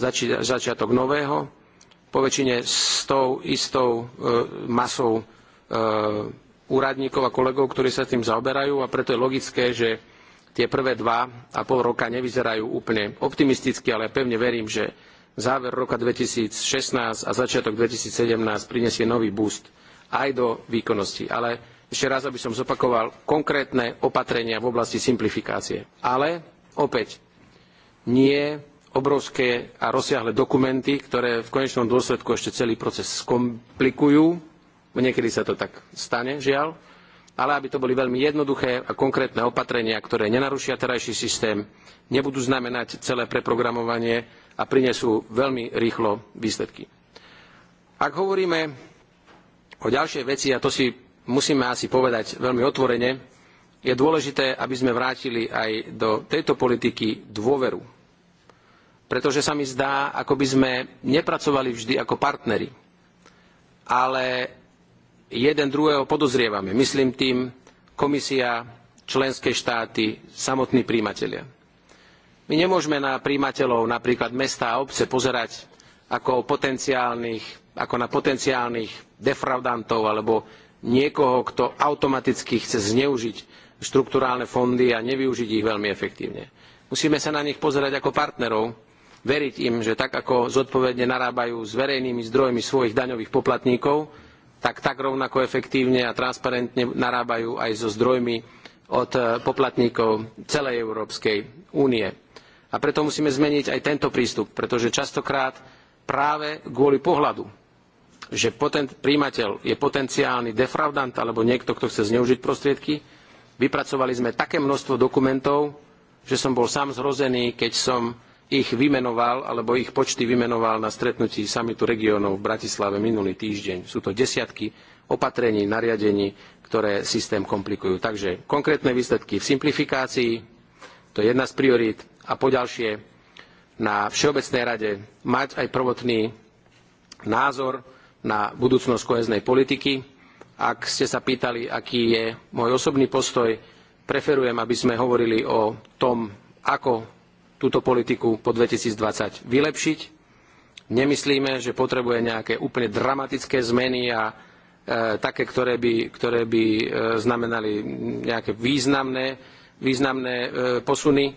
zači začiatok nového, poväčšine s tou istou e, masou e, úradníkov a kolegov, ktorí sa tým zaoberajú a preto je logické, že tie prvé dva a pol roka nevyzerajú úplne optimisticky, ale pevne verím, že záver roka 2016 a začiatok 2017 prinesie nový boost aj do výkonnosti. Ale ešte raz, aby som zopakoval konkrétne opatrenia v oblasti simplifikácie. Ale opäť, nie obrovské a rozsiahle dokumenty, ktoré v konečnom dôsledku ešte celý proces skomplikujú, Niekedy sa to tak stane, žiaľ. Ale aby to boli veľmi jednoduché a konkrétne opatrenia, ktoré nenarušia terajší systém, nebudú znamenať celé preprogramovanie a prinesú veľmi rýchlo výsledky. Ak hovoríme o ďalšej veci, a to si musíme asi povedať veľmi otvorene, je dôležité, aby sme vrátili aj do tejto politiky dôveru. Pretože sa mi zdá, ako by sme nepracovali vždy ako partneri, ale jeden druhého podozrievame. Myslím tým komisia, členské štáty, samotní príjimatelia. My nemôžeme na príjimateľov napríklad mesta a obce pozerať ako, ako na potenciálnych defraudantov alebo niekoho, kto automaticky chce zneužiť štrukturálne fondy a nevyužiť ich veľmi efektívne. Musíme sa na nich pozerať ako partnerov, veriť im, že tak ako zodpovedne narábajú s verejnými zdrojmi svojich daňových poplatníkov, tak tak rovnako efektívne a transparentne narábajú aj so zdrojmi od e, poplatníkov celej Európskej únie. A preto musíme zmeniť aj tento prístup, pretože častokrát práve kvôli pohľadu, že príjimateľ je potenciálny defraudant alebo niekto, kto chce zneužiť prostriedky, vypracovali sme také množstvo dokumentov, že som bol sám zhrozený, keď som ich vymenoval, alebo ich počty vymenoval na stretnutí samitu regiónov v Bratislave minulý týždeň. Sú to desiatky opatrení, nariadení, ktoré systém komplikujú. Takže konkrétne výsledky v simplifikácii, to je jedna z priorít, a poďalšie na Všeobecnej rade mať aj prvotný názor na budúcnosť koheznej politiky. Ak ste sa pýtali, aký je môj osobný postoj, preferujem, aby sme hovorili o tom, ako túto politiku po 2020 vylepšiť. Nemyslíme, že potrebuje nejaké úplne dramatické zmeny a e, také, ktoré by, ktoré by e, znamenali nejaké významné, významné e, posuny,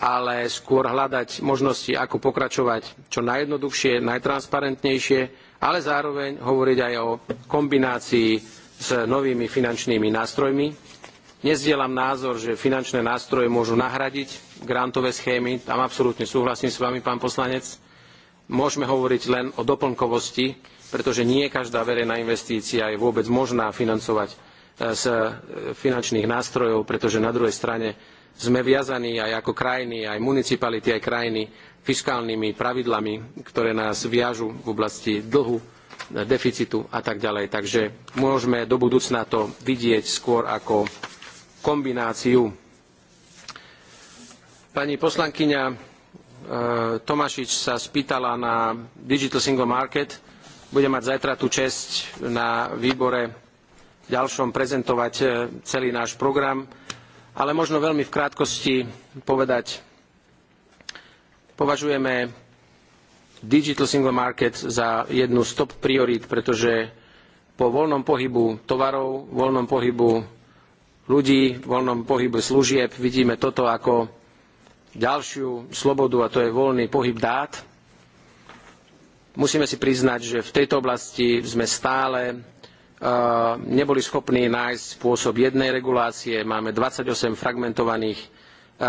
ale skôr hľadať možnosti, ako pokračovať čo najjednoduchšie, najtransparentnejšie, ale zároveň hovoriť aj o kombinácii s novými finančnými nástrojmi, Nezdielam názor, že finančné nástroje môžu nahradiť grantové schémy. Tam absolútne súhlasím s vami, pán poslanec. Môžeme hovoriť len o doplnkovosti, pretože nie každá verejná investícia je vôbec možná financovať e, z e, finančných nástrojov, pretože na druhej strane sme viazaní aj ako krajiny, aj municipality, aj krajiny fiskálnymi pravidlami, ktoré nás viažu v oblasti dlhu, e, deficitu a tak ďalej. Takže môžeme do budúcna to vidieť skôr ako kombináciu. Pani poslankyňa e, Tomašič sa spýtala na Digital Single Market. Bude mať zajtra tú čest na výbore ďalšom prezentovať e, celý náš program, ale možno veľmi v krátkosti povedať, považujeme Digital Single Market za jednu z top priorít, pretože po voľnom pohybu tovarov, voľnom pohybu ľudí, v voľnom pohybe služieb. Vidíme toto ako ďalšiu slobodu a to je voľný pohyb dát. Musíme si priznať, že v tejto oblasti sme stále e, neboli schopní nájsť spôsob jednej regulácie. Máme 28 fragmentovaných e,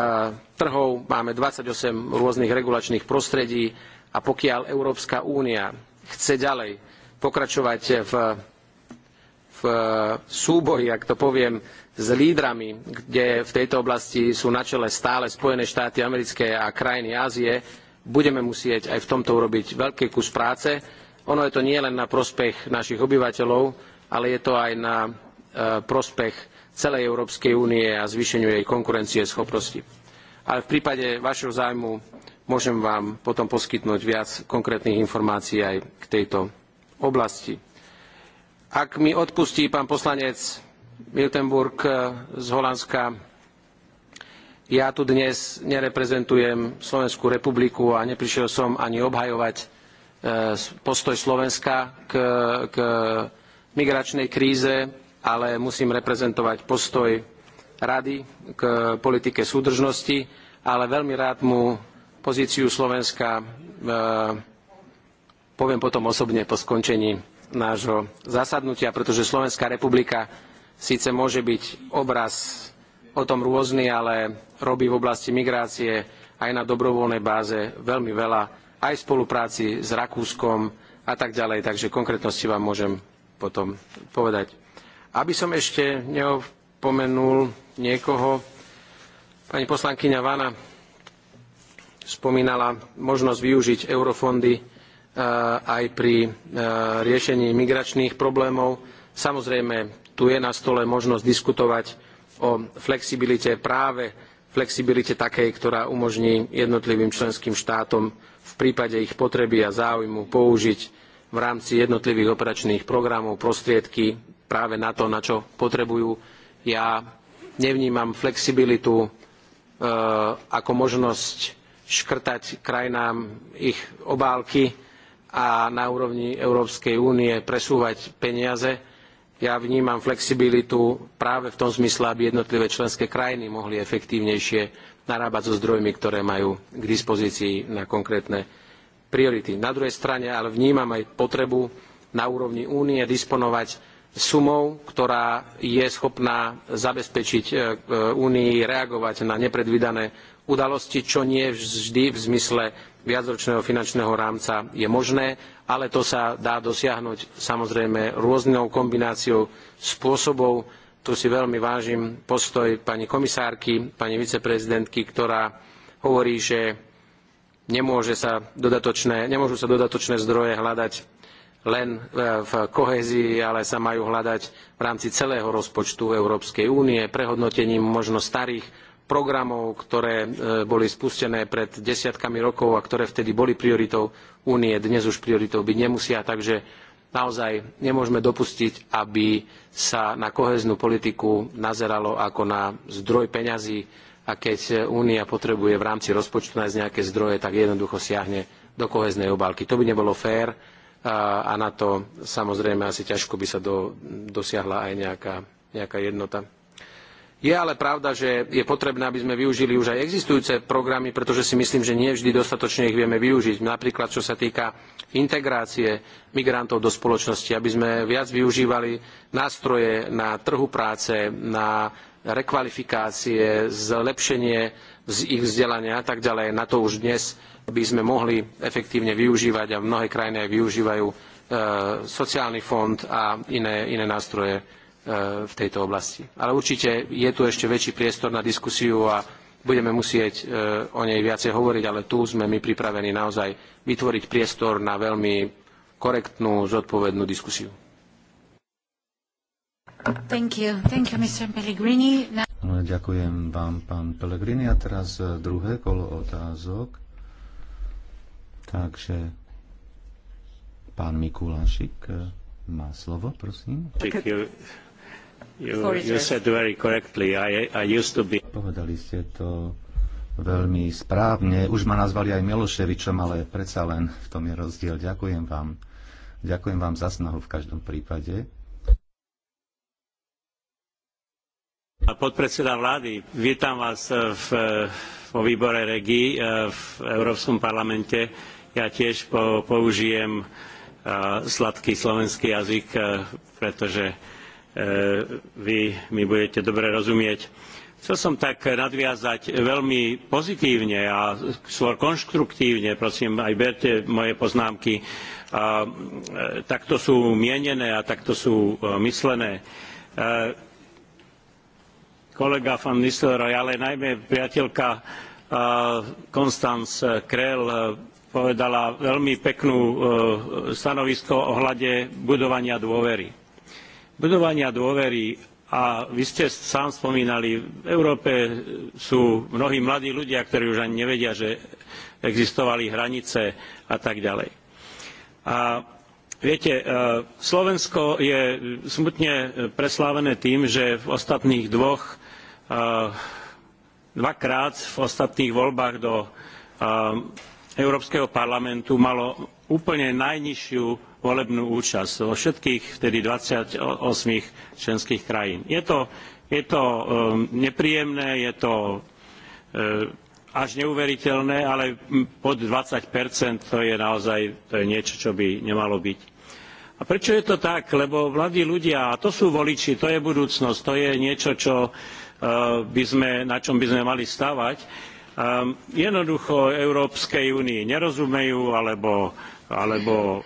trhov, máme 28 rôznych regulačných prostredí a pokiaľ Európska únia chce ďalej pokračovať v, v súboji, ak to poviem, s lídrami, kde v tejto oblasti sú na čele stále Spojené štáty americké a krajiny Ázie, budeme musieť aj v tomto urobiť veľký kus práce. Ono je to nielen na prospech našich obyvateľov, ale je to aj na e, prospech celej Európskej únie a zvýšeniu jej konkurencieschopnosti. Ale v prípade vašeho zájmu môžem vám potom poskytnúť viac konkrétnych informácií aj k tejto oblasti. Ak mi odpustí pán poslanec Miltenburg eh, z Holandska. Ja tu dnes nereprezentujem Slovenskú republiku a neprišiel som ani obhajovať eh, postoj Slovenska k, k migračnej kríze, ale musím reprezentovať postoj Rady k politike súdržnosti, ale veľmi rád mu pozíciu Slovenska eh, poviem potom osobne po skončení nášho zasadnutia, pretože Slovenská republika Sice môže byť obraz o tom rôzny, ale robí v oblasti migrácie aj na dobrovoľnej báze veľmi veľa, aj v spolupráci s Rakúskom a tak ďalej. Takže konkrétnosti vám môžem potom povedať. Aby som ešte neopomenul niekoho, pani poslankyňa Vana spomínala možnosť využiť eurofondy e, aj pri e, riešení migračných problémov. Samozrejme, tu je na stole možnosť diskutovať o flexibilite práve flexibilite takej, ktorá umožní jednotlivým členským štátom v prípade ich potreby a záujmu použiť v rámci jednotlivých operačných programov prostriedky práve na to, na čo potrebujú. Ja nevnímam flexibilitu e, ako možnosť škrtať krajinám ich obálky a na úrovni Európskej únie presúvať peniaze ja vnímam flexibilitu práve v tom zmysle, aby jednotlivé členské krajiny mohli efektívnejšie narábať so zdrojmi, ktoré majú k dispozícii na konkrétne priority. Na druhej strane ale vnímam aj potrebu na úrovni únie disponovať sumou, ktorá je schopná zabezpečiť e, e, únii reagovať na nepredvídané udalosti, čo nie vždy v zmysle viacročného finančného rámca je možné, ale to sa dá dosiahnuť samozrejme rôznou kombináciou spôsobov. Tu si veľmi vážim postoj pani komisárky, pani viceprezidentky, ktorá hovorí, že nemôže sa dodatočné, nemôžu sa dodatočné zdroje hľadať len e, v kohézii, ale sa majú hľadať v rámci celého rozpočtu Európskej únie, prehodnotením možno starých programov, ktoré e, boli spustené pred desiatkami rokov a ktoré vtedy boli prioritou únie, dnes už prioritou byť nemusia, takže naozaj nemôžeme dopustiť, aby sa na koheznú politiku nazeralo ako na zdroj peňazí a keď únia potrebuje v rámci rozpočtu nájsť nejaké zdroje, tak jednoducho siahne do koheznej obálky. To by nebolo fér e, a na to samozrejme asi ťažko by sa do, dosiahla aj nejaká, nejaká jednota. Je ale pravda, že je potrebné, aby sme využili už aj existujúce programy, pretože si myslím, že nie vždy dostatočne ich vieme využiť. Napríklad, čo sa týka integrácie migrantov do spoločnosti, aby sme viac využívali nástroje na trhu práce, na rekvalifikácie, zlepšenie ich vzdelania a tak ďalej. Na to už dnes by sme mohli efektívne využívať a mnohé krajiny aj využívajú e, sociálny fond a iné, iné nástroje E, v tejto oblasti. Ale určite je tu ešte väčší priestor na diskusiu a budeme musieť e, o nej viacej hovoriť, ale tu sme my pripravení naozaj vytvoriť priestor na veľmi korektnú, zodpovednú diskusiu. Thank you. Thank you, Now... Ďakujem vám, pán Pellegrini. A teraz e, druhé kolo otázok. Takže pán Mikulášik má slovo, prosím. Thank you. Povedali ste to veľmi správne. Už ma nazvali aj Miloševičom, ale predsa len v tom je rozdiel. Ďakujem vám. Ďakujem vám za snahu v každom prípade. A podpredseda vlády, vítam vás eh, v, eh, vo výbore REGI eh, v Európskom parlamente. Ja tiež po, použijem sladký slovenský jazyk, pretože E, vy mi budete dobre rozumieť. Chcel som tak nadviazať veľmi pozitívne a skôr konštruktívne, prosím, aj berte moje poznámky, a, e, takto sú mienené a takto sú e, myslené. A, kolega van Nistelrooy, ale najmä priateľka Konstanz Krell povedala veľmi peknú stanovisko ohľade budovania dôvery budovania dôvery a vy ste sám spomínali, v Európe sú mnohí mladí ľudia, ktorí už ani nevedia, že existovali hranice a tak ďalej. A viete, e, Slovensko je smutne preslávené tým, že v ostatných dvoch, e, dvakrát v ostatných voľbách do e, Európskeho parlamentu malo úplne najnižšiu volebnú účasť vo všetkých vtedy 28 členských krajín. Je to, je to um, nepríjemné, je to um, až neuveriteľné, ale pod 20 to je naozaj to je niečo, čo by nemalo byť. A prečo je to tak? Lebo mladí ľudia, a to sú voliči, to je budúcnosť, to je niečo, čo uh, by sme, na čom by sme mali stavať. Um, jednoducho Európskej únii nerozumejú, alebo alebo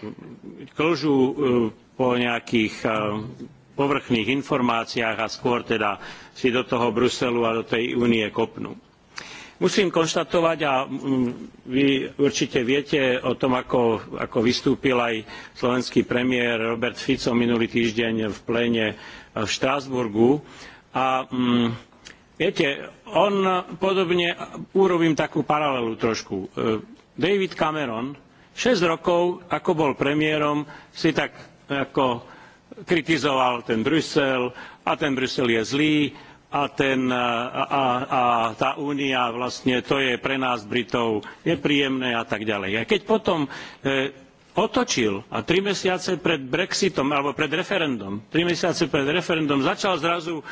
klžú e, po nejakých e, povrchných informáciách a skôr teda si do toho Bruselu a do tej únie kopnú. Musím konštatovať, a vy určite viete o tom, ako, ako vystúpil aj slovenský premiér Robert Fico minulý týždeň v pléne v Štrásburgu. A mm, viete, on podobne, urobím takú paralelu trošku. E, David Cameron Šesť rokov, ako bol premiérom, si tak ako kritizoval ten Brusel a ten Brusel je zlý a, ten, a, a tá únia vlastne to je pre nás Britov nepríjemné a tak ďalej. A keď potom e, otočil a tri mesiace pred Brexitom alebo pred referendum, tri mesiace pred referendum začal zrazu e,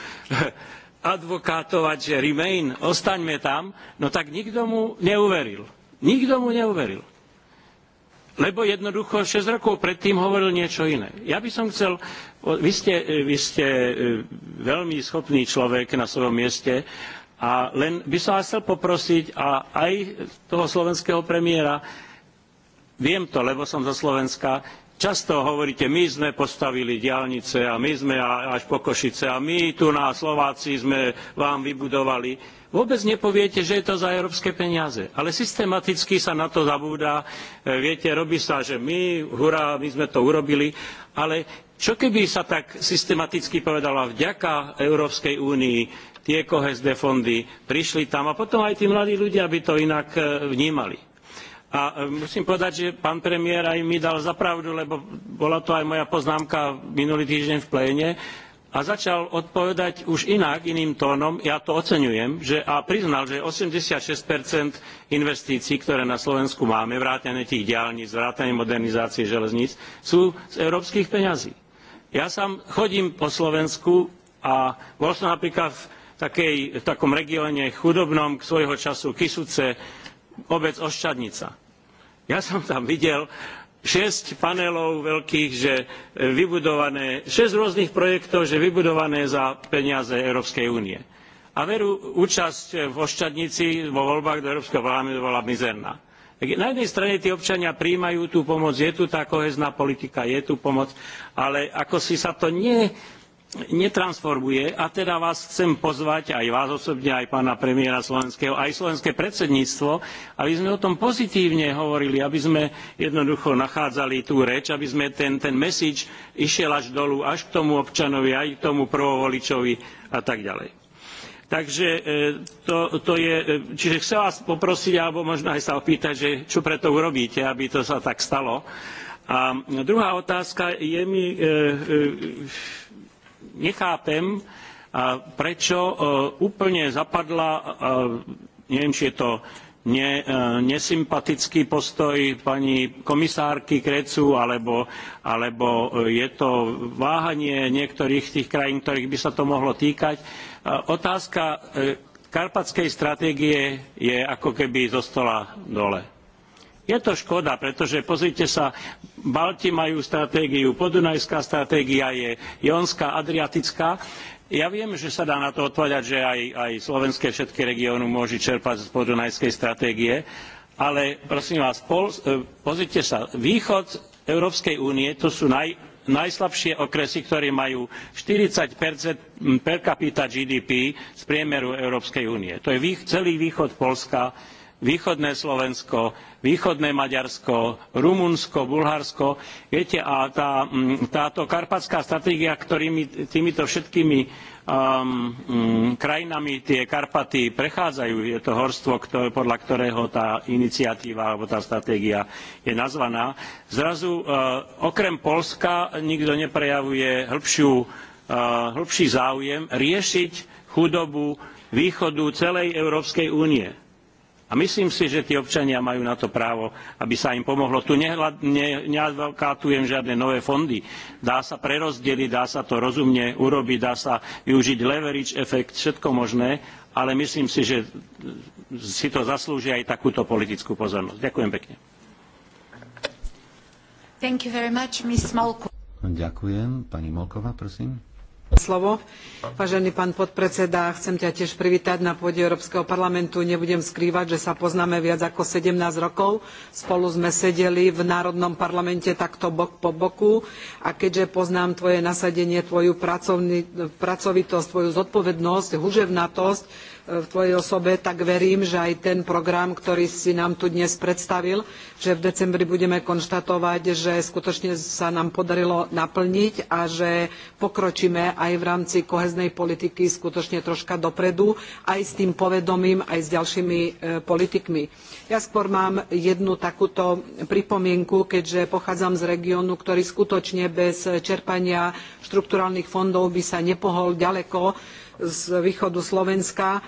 advokátovať, že remain, ostaňme tam, no tak nikto mu neuveril. Nikto mu neuveril lebo jednoducho 6 rokov predtým hovoril niečo iné. Ja by som chcel, vy ste, e, vy ste e, veľmi schopný človek na svojom mieste a len by som vás chcel poprosiť a aj toho slovenského premiéra, viem to, lebo som zo Slovenska, Často hovoríte, my sme postavili diaľnice a my sme až po Košice a my tu na Slováci sme vám vybudovali. Vôbec nepoviete, že je to za európske peniaze. Ale systematicky sa na to zabúda. E, viete, robí sa, že my, hurá, my sme to urobili. Ale čo keby sa tak systematicky povedala vďaka Európskej únii tie kohezné fondy prišli tam a potom aj tí mladí ľudia by to inak e, vnímali. A e, musím povedať, že pán premiér aj mi dal za pravdu, lebo bola to aj moja poznámka minulý týždeň v pléne, a začal odpovedať už inak, iným tónom, ja to oceňujem, že, a priznal, že 86 investícií, ktoré na Slovensku máme, vrátane tých diaľnic, vrátane modernizácie železníc, sú z európskych peňazí. Ja sám chodím po Slovensku a bol som napríklad v, takej, v takom regióne chudobnom svojho času Kisuce, obec Oščadnica ja som tam videl šesť panelov veľkých, že e, vybudované, šesť rôznych projektov, že vybudované za peniaze Európskej únie. A veru účasť e, v Ošťadnici vo voľbách do Európskeho parlamentu bola mizerná. Na jednej strane tí občania príjmajú tú pomoc, je tu tá kohézna politika, je tu pomoc, ale ako si sa to nie netransformuje a teda vás chcem pozvať aj vás osobne aj pána premiéra slovenského aj slovenské predsedníctvo aby sme o tom pozitívne hovorili aby sme jednoducho nachádzali tú reč aby sme ten, ten message išiel až dolu až k tomu občanovi aj k tomu prvovoličovi a tak ďalej. Takže e, to, to je, e, čiže chcem vás poprosiť, alebo možno aj sa opýtať, že čo preto urobíte, aby to sa tak stalo. A druhá otázka je mi, e, e, nechápem, prečo e, úplne zapadla, neviem, či je to e, nesympatický postoj pani komisárky Krecu, alebo, alebo, je to váhanie niektorých tých krajín, ktorých by sa to mohlo týkať. E, otázka karpatskej stratégie je ako keby zostala dole je to škoda, pretože pozrite sa, Balti majú stratégiu, Podunajská stratégia je Jonská, Adriatická. Ja viem, že sa dá na to odpovedať, že aj, aj slovenské všetky regióny môžu čerpať z podunajskej stratégie, ale prosím vás, pol, e, pozrite sa, východ Európskej únie to sú naj, najslabšie okresy, ktoré majú 40 per capita GDP z priemeru Európskej únie. To je vý, celý východ Polska, východné Slovensko, východné Maďarsko, Rumunsko, Bulharsko. Viete, a mm, táto karpatská stratégia, ktorými týmito všetkými um, mm, krajinami tie Karpaty prechádzajú, je to horstvo, podľa ktorého tá iniciatíva alebo tá stratégia je nazvaná, zrazu uh, okrem Poľska nikto neprejavuje hlbší uh, záujem riešiť chudobu východu celej Európskej únie a myslím si, že tí občania majú na to právo, aby sa im pomohlo. Tu neadvokátujem žiadne nové fondy. Dá sa prerozdeliť, dá sa to rozumne urobiť, dá sa využiť leverage efekt, všetko možné, ale myslím si, že si to zaslúži aj takúto politickú pozornosť. Ďakujem pekne. Much, Ďakujem. Pani Molková, prosím. Vážený pán podpredseda, chcem ťa tiež privítať na pôde Európskeho parlamentu. Nebudem skrývať, že sa poznáme viac ako seventeen rokov. Spolu sme sedeli v Národnom parlamente takto bok po boku a keďže poznám tvoje nasadenie, tvoju pracovitosť, tvoju zodpovednosť, huževnatosť, E, v tvojej osobe, tak verím, že aj ten program, ktorý si nám tu dnes predstavil, že v decembri budeme konštatovať, že skutočne sa nám podarilo naplniť a že pokročíme aj v rámci koheznej politiky skutočne troška dopredu, aj s tým povedomím, aj s ďalšími e, politikmi. Ja skôr mám jednu takúto pripomienku, keďže pochádzam z regiónu, ktorý skutočne bez čerpania štrukturálnych fondov by sa nepohol ďaleko z východu Slovenska.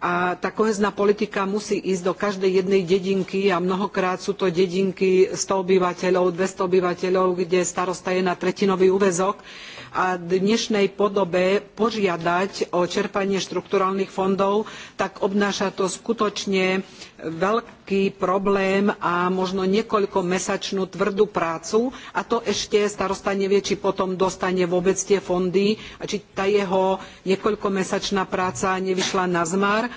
A tá kohezná politika musí ísť do každej jednej dedinky a mnohokrát sú to dedinky 100 obyvateľov, 200 obyvateľov, kde starosta je na tretinový úväzok a dnešnej podobe požiadať o čerpanie štrukturálnych fondov, tak obnáša to skutočne veľký problém a možno niekoľkomesačnú tvrdú prácu a to ešte starosta nevie, či potom dostane vôbec tie fondy a či tá jeho niekoľkomesačná práca nevyšla na zmar.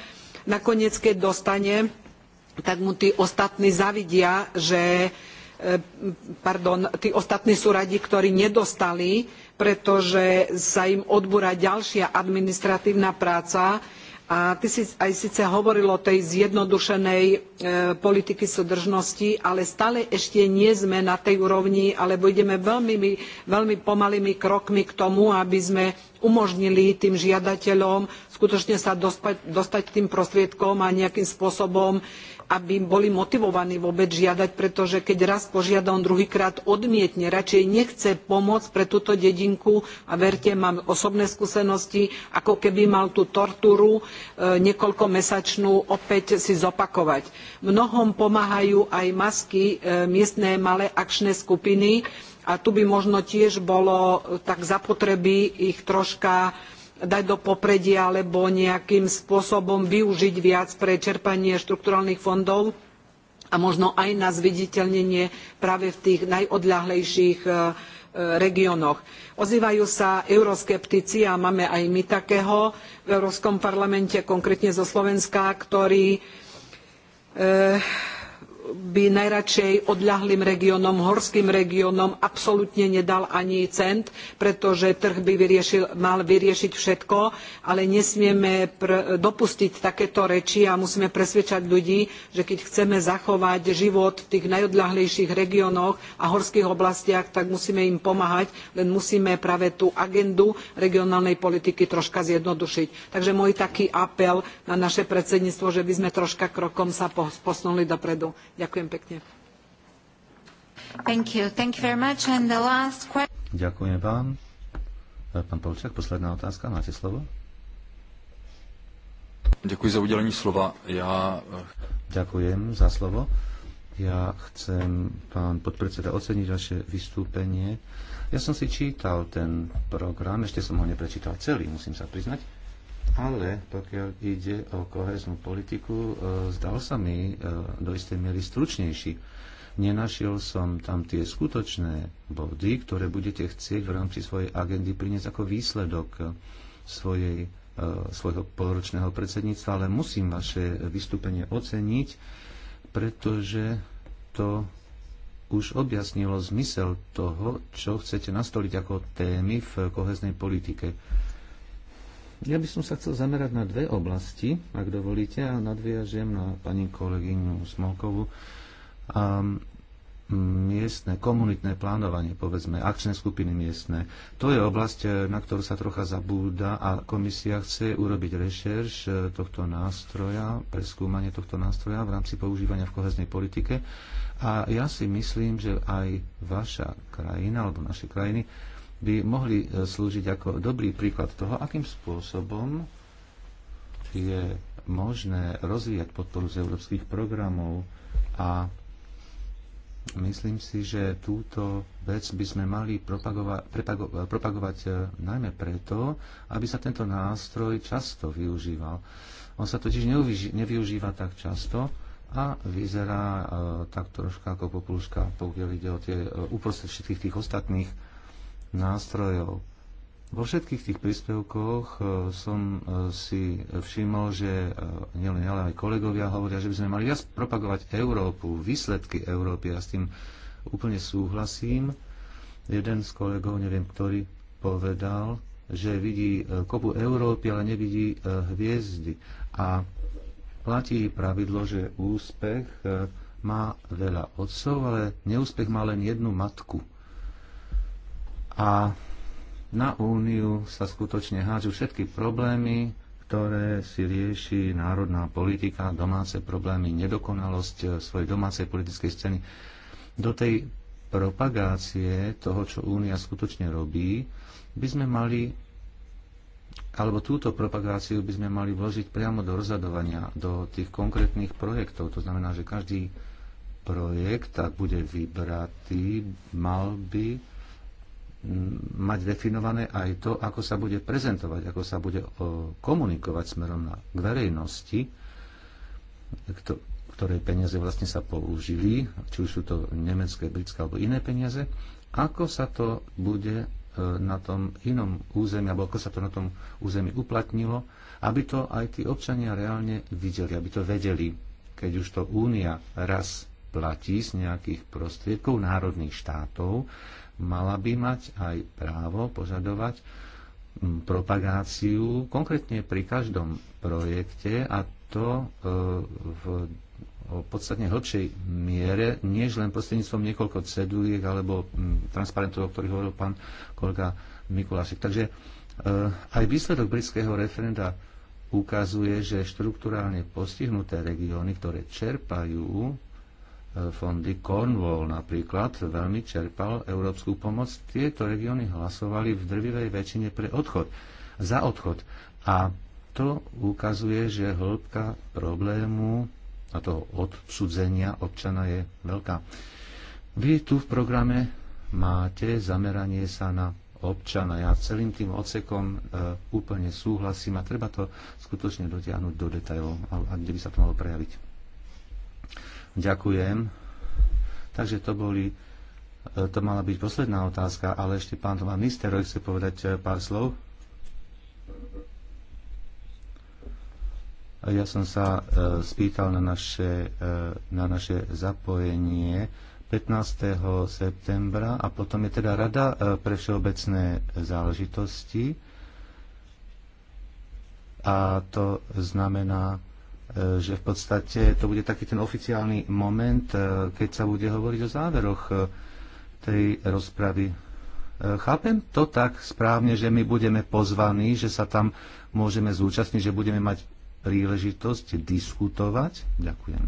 Nakoniec, keď dostane, tak mu tí ostatní zavidia, že e, pardon, tí ostatní sú radi, ktorí nedostali pretože sa im odbúra ďalšia administratívna práca. A ty si aj síce hovoril o tej zjednodušenej e, politiky súdržnosti, ale stále ešte nie sme na tej úrovni, alebo ideme veľmi, veľmi pomalými krokmi k tomu, aby sme umožnili tým žiadateľom skutočne sa dostať, dostať k tým prostriedkom a nejakým spôsobom aby boli motivovaní vôbec žiadať, pretože keď raz požiada, on druhýkrát odmietne, radšej nechce pomôcť pre túto dedinku a verte, mám osobné skúsenosti, ako keby mal tú tortúru e, niekoľkomesačnú opäť si zopakovať. Mnohom pomáhajú aj masky, e, miestne malé akčné skupiny a tu by možno tiež bolo e, tak zapotreby ich troška dať do popredia alebo nejakým spôsobom využiť viac pre čerpanie štrukturálnych fondov a možno aj na zviditeľnenie práve v tých najodľahlejších e, e, regiónoch. Ozývajú sa euroskeptici a máme aj my takého v Európskom parlamente, konkrétne zo Slovenska, ktorí e, by najradšej odľahlým regiónom, horským regiónom absolútne nedal ani cent, pretože trh by vyriešil, mal vyriešiť všetko, ale nesmieme dopustiť takéto reči a musíme presvedčať ľudí, že keď chceme zachovať život v tých najodľahlejších regiónoch a horských oblastiach, tak musíme im pomáhať, len musíme práve tú agendu regionálnej politiky troška zjednodušiť. Takže môj taký apel na naše predsedníctvo, že by sme troška krokom sa posunuli dopredu. Ďakujem pekne. Thank you. Thank you very much. And the last question... Ďakujem vám. E, pán Polčák, posledná otázka. Máte slovo? Ďakujem za udelení slova. Ja... E, Ďakujem za slovo. Ja chcem, pán podpredseda, oceniť vaše vystúpenie. Ja som si čítal ten program, ešte som ho neprečítal celý, musím sa priznať. Ale pokiaľ ide o koheznú politiku, e, zdal sa mi e, do istej miery stručnejší. Nenašiel som tam tie skutočné body, ktoré budete chcieť v rámci svojej agendy priniesť ako výsledok svojej, e, svojho polročného predsedníctva, ale musím vaše vystúpenie oceniť, pretože to už objasnilo zmysel toho, čo chcete nastoliť ako témy v koheznej politike ja by som sa chcel zamerať na dve oblasti, ak dovolíte, a nadviažem na pani kolegyňu Smolkovú. Um, miestne, komunitné plánovanie, povedzme, akčné skupiny miestne. To je oblasť, e, na ktorú sa trocha zabúda a komisia chce urobiť rešerš e, tohto nástroja, preskúmanie tohto nástroja v rámci používania v koheznej politike. A ja si myslím, že aj vaša krajina, alebo naše krajiny, by mohli e, slúžiť ako dobrý príklad toho, akým spôsobom je možné rozvíjať podporu z európskych programov a myslím si, že túto vec by sme mali propagova- prepago- e, propagovať e, najmä preto, aby sa tento nástroj často využíval. On sa totiž nevyužíva tak často a vyzerá e, tak troška ako populška, pokiaľ ide o tie e, uprostred všetkých tých ostatných nástrojov. Vo všetkých tých príspevkoch e, som e, si všimol, že e, nielen ale aj kolegovia hovoria, že by sme mali viac propagovať Európu, výsledky Európy. Ja s tým úplne súhlasím. Jeden z kolegov, neviem ktorý, povedal, že vidí kopu Európy, ale nevidí hviezdy. A platí pravidlo, že úspech má veľa otcov, ale neúspech má len jednu matku. A na úniu sa skutočne hádzú všetky problémy, ktoré si rieši národná politika, domáce problémy, nedokonalosť eh, svojej domácej politickej scény. Do tej propagácie toho, čo Únia skutočne robí, by sme mali, alebo túto propagáciu by sme mali vložiť priamo do rozhodovania, do tých konkrétnych projektov. To znamená, že každý projekt, ak bude vybratý, mal by mať definované aj to, ako sa bude prezentovať, ako sa bude komunikovať smerom na, k verejnosti, ktorej peniaze vlastne sa použili, či už sú to nemecké, britské alebo iné peniaze, ako sa to bude e, na tom inom území, alebo ako sa to na tom území uplatnilo, aby to aj tí občania reálne videli, aby to vedeli, keď už to únia raz platí z nejakých prostriedkov národných štátov, mala by mať aj právo požadovať mm, propagáciu konkrétne pri každom projekte a to e, v podstatne hĺbšej miere, než len prostredníctvom niekoľko ceduliek alebo mm, transparentov, o ktorých hovoril pán kolega Mikulášek. Takže e, aj výsledok britského referenda ukazuje, že štruktúrálne postihnuté regióny, ktoré čerpajú fondy Cornwall napríklad veľmi čerpal európsku pomoc. Tieto regióny hlasovali v drvivej väčšine pre odchod, za odchod. A to ukazuje, že hĺbka problému a toho odsudzenia občana je veľká. Vy tu v programe máte zameranie sa na občana. Ja celým tým ocekom e, úplne súhlasím a treba to skutočne dotiahnuť do detajlov, kde by sa to malo prejaviť. Ďakujem. Takže to boli, e, to mala byť posledná otázka, ale ešte pán Tomá Nisteroj chce povedať e, pár slov. Ja som sa e, spýtal na naše, na naše zapojenie 15. septembra a potom je teda Rada pre všeobecné záležitosti a to znamená, že v podstate to bude taký ten oficiálny moment, e, keď sa bude hovoriť o záveroch e, tej rozpravy. E, chápem to tak správne, že my budeme pozvaní, že sa tam môžeme zúčastniť, že budeme mať príležitosť diskutovať. Ďakujem.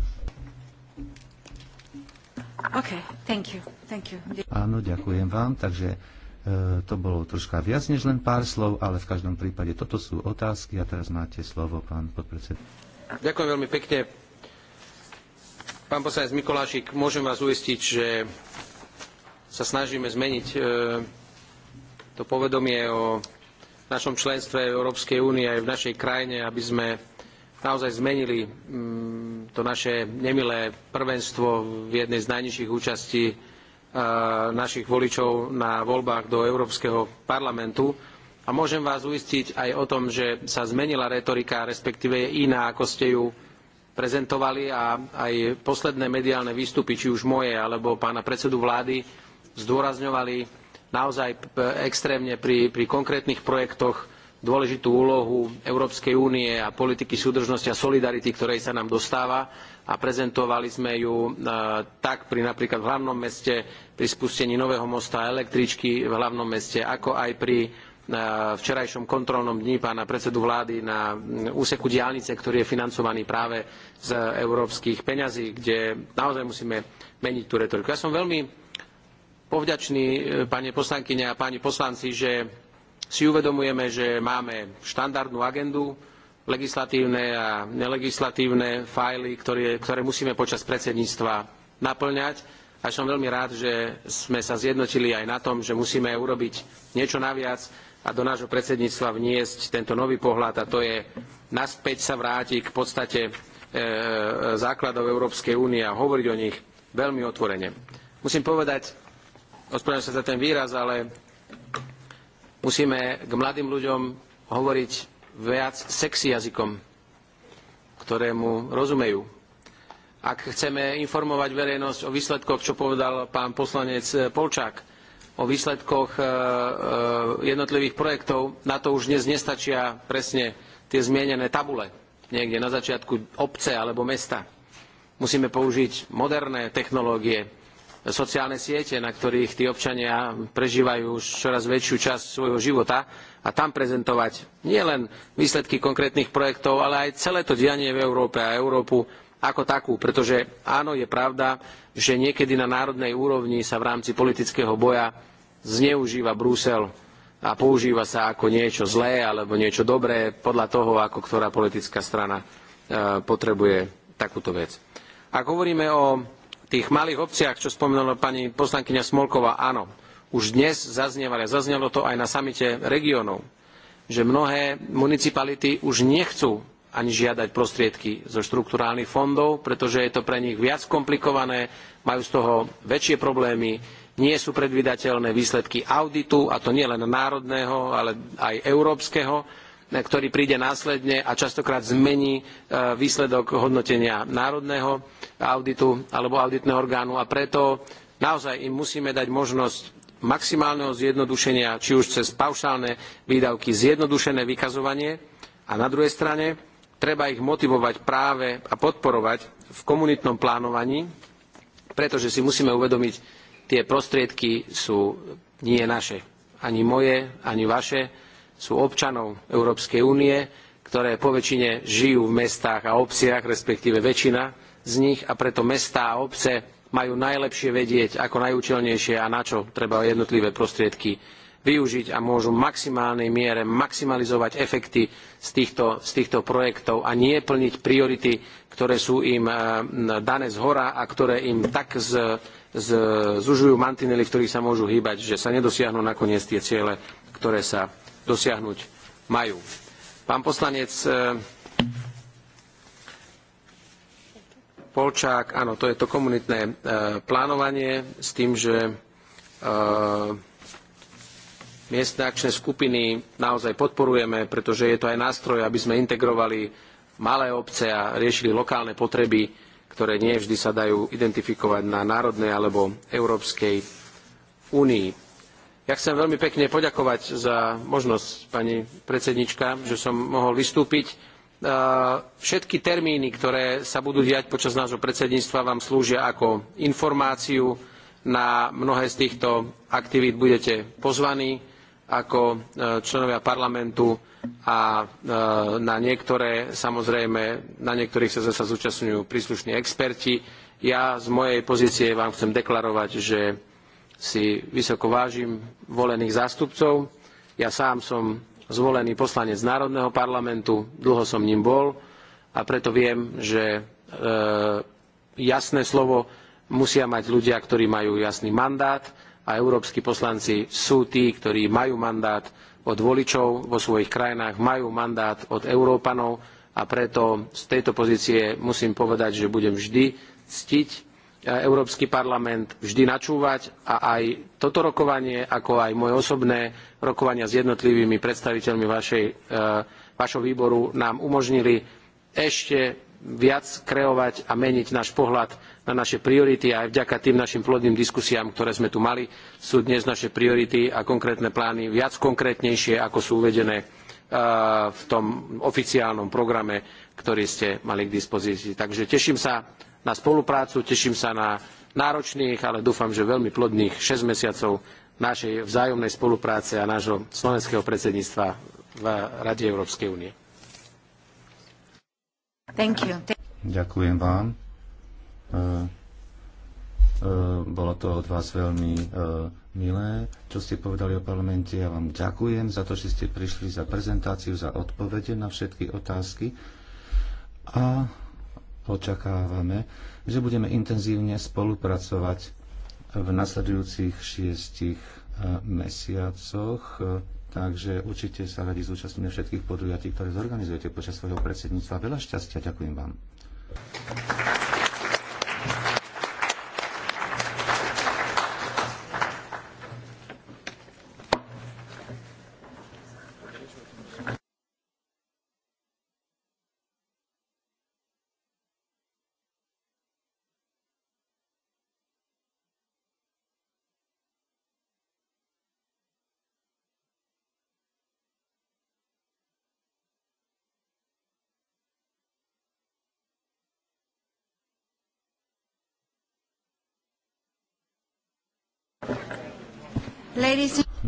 Okay, thank you, thank you. Áno, ďakujem vám. Takže to bolo troška viac než len pár slov, ale v každom prípade toto sú otázky a teraz máte slovo, pán podpredseda. Ďakujem veľmi pekne. Pán poslanec Mikolášik, môžem vás uistiť, že sa snažíme zmeniť e, to povedomie o našom členstve Európskej únie aj v našej krajine, aby sme naozaj zmenili mm, to naše nemilé prvenstvo v jednej z najnižších účastí e, našich voličov na voľbách do Európskeho parlamentu a môžem vás uistiť aj o tom, že sa zmenila retorika, respektíve je iná, ako ste ju prezentovali a aj posledné mediálne výstupy, či už moje alebo pána predsedu vlády, zdôrazňovali naozaj extrémne pri, pri konkrétnych projektoch dôležitú úlohu Európskej únie a politiky súdržnosti a solidarity, ktorej sa nám dostáva a prezentovali sme ju e, tak pri napríklad v hlavnom meste, pri spustení nového mosta električky v hlavnom meste, ako aj pri včerajšom kontrolnom dni pána predsedu vlády na úseku diálnice, ktorý je financovaný práve z európskych peňazí, kde naozaj musíme meniť tú retoriku. Ja som veľmi povďačný, e, pani poslankyne a páni poslanci, že si uvedomujeme, že máme štandardnú agendu, legislatívne a nelegislatívne fajly, ktoré, ktoré musíme počas predsedníctva naplňať a som veľmi rád, že sme sa zjednotili aj na tom, že musíme urobiť niečo naviac a do nášho predsedníctva vniesť tento nový pohľad a to je naspäť sa vrátiť k podstate e, e, základov Európskej únie a hovoriť o nich veľmi otvorene. Musím povedať, ospravedlňujem sa za ten výraz, ale musíme k mladým ľuďom hovoriť viac sexy jazykom, ktorému rozumejú ak chceme informovať verejnosť o výsledkoch, čo povedal pán poslanec e, Polčák, o výsledkoch e, e, jednotlivých projektov, na to už dnes nestačia presne tie zmienené tabule niekde na začiatku obce alebo mesta. Musíme použiť moderné technológie, sociálne siete, na ktorých tí občania prežívajú už čoraz väčšiu časť svojho života a tam prezentovať nielen výsledky konkrétnych projektov, ale aj celé to dianie v Európe a Európu ako takú, pretože áno, je pravda, že niekedy na národnej úrovni sa v rámci politického boja zneužíva Brusel a používa sa ako niečo zlé alebo niečo dobré podľa toho, ako ktorá politická strana e, potrebuje takúto vec. Ak hovoríme o tých malých obciach, čo spomenula pani poslankyňa Smolková, áno, už dnes zaznievali, a zaznelo to aj na samite regiónov, že mnohé municipality už nechcú ani žiadať prostriedky zo štrukturálnych fondov, pretože je to pre nich viac komplikované, majú z toho väčšie problémy, nie sú predvydateľné výsledky auditu, a to nie len národného, ale aj európskeho, eh, ktorý príde následne a častokrát zmení eh, výsledok hodnotenia národného auditu alebo auditného orgánu a preto naozaj im musíme dať možnosť maximálneho zjednodušenia, či už cez paušálne výdavky zjednodušené vykazovanie a na druhej strane treba ich motivovať práve a podporovať v komunitnom plánovaní, pretože si musíme uvedomiť, tie prostriedky sú nie naše, ani moje, ani vaše, sú občanov Európskej únie, ktoré poväčšine žijú v mestách a obciach, respektíve väčšina z nich a preto mestá a obce majú najlepšie vedieť, ako najúčelnejšie a na čo treba jednotlivé prostriedky využiť a môžu v maximálnej miere maximalizovať efekty z týchto, z týchto projektov a nie plniť priority, ktoré sú im eh, dané z hora a ktoré im tak z, z, zužujú mantinely, v ktorých sa môžu hýbať, že sa nedosiahnu nakoniec tie ciele, ktoré sa dosiahnuť majú. Pán poslanec eh, Polčák, áno, to je to komunitné eh, plánovanie s tým, že miestne akčné skupiny naozaj podporujeme, pretože je to aj nástroj, aby sme integrovali malé obce a riešili lokálne potreby, ktoré nie vždy sa dajú identifikovať na národnej alebo európskej únii. Ja chcem veľmi pekne poďakovať za možnosť, pani predsednička, že som mohol vystúpiť. E, všetky termíny, ktoré sa budú diať počas nášho predsedníctva, vám slúžia ako informáciu. Na mnohé z týchto aktivít budete pozvaní ako e, členovia parlamentu a e, na niektoré, samozrejme, na niektorých sa zasa zúčastňujú príslušní experti. Ja z mojej pozície vám chcem deklarovať, že si vysoko vážim volených zástupcov. Ja sám som zvolený poslanec Národného parlamentu, dlho som ním bol a preto viem, že e, jasné slovo musia mať ľudia, ktorí majú jasný mandát a európski poslanci sú tí, ktorí majú mandát od voličov vo svojich krajinách, majú mandát od Európanov a preto z tejto pozície musím povedať, že budem vždy ctiť e, Európsky parlament, vždy načúvať a aj toto rokovanie, ako aj moje osobné rokovania s jednotlivými predstaviteľmi vašej, e, vašho výboru nám umožnili ešte viac kreovať a meniť náš pohľad na naše priority a aj vďaka tým našim plodným diskusiám, ktoré sme tu mali, sú dnes naše priority a konkrétne plány viac konkrétnejšie, ako sú uvedené v tom oficiálnom programe, ktorý ste mali k dispozícii. Takže teším sa na spoluprácu, teším sa na náročných, ale dúfam, že veľmi plodných 6 mesiacov našej vzájomnej spolupráce a nášho slovenského predsedníctva v Rade Európskej únie. Ďakujem vám. Bolo to od vás veľmi milé, čo ste povedali o parlamente. Ja vám ďakujem za to, že ste prišli za prezentáciu, za odpovede na všetky otázky. A očakávame, že budeme intenzívne spolupracovať v nasledujúcich šiestich mesiacoch, takže určite sa radi zúčastníme všetkých podujatí, ktoré zorganizujete počas svojho predsedníctva. Veľa šťastia, ďakujem vám.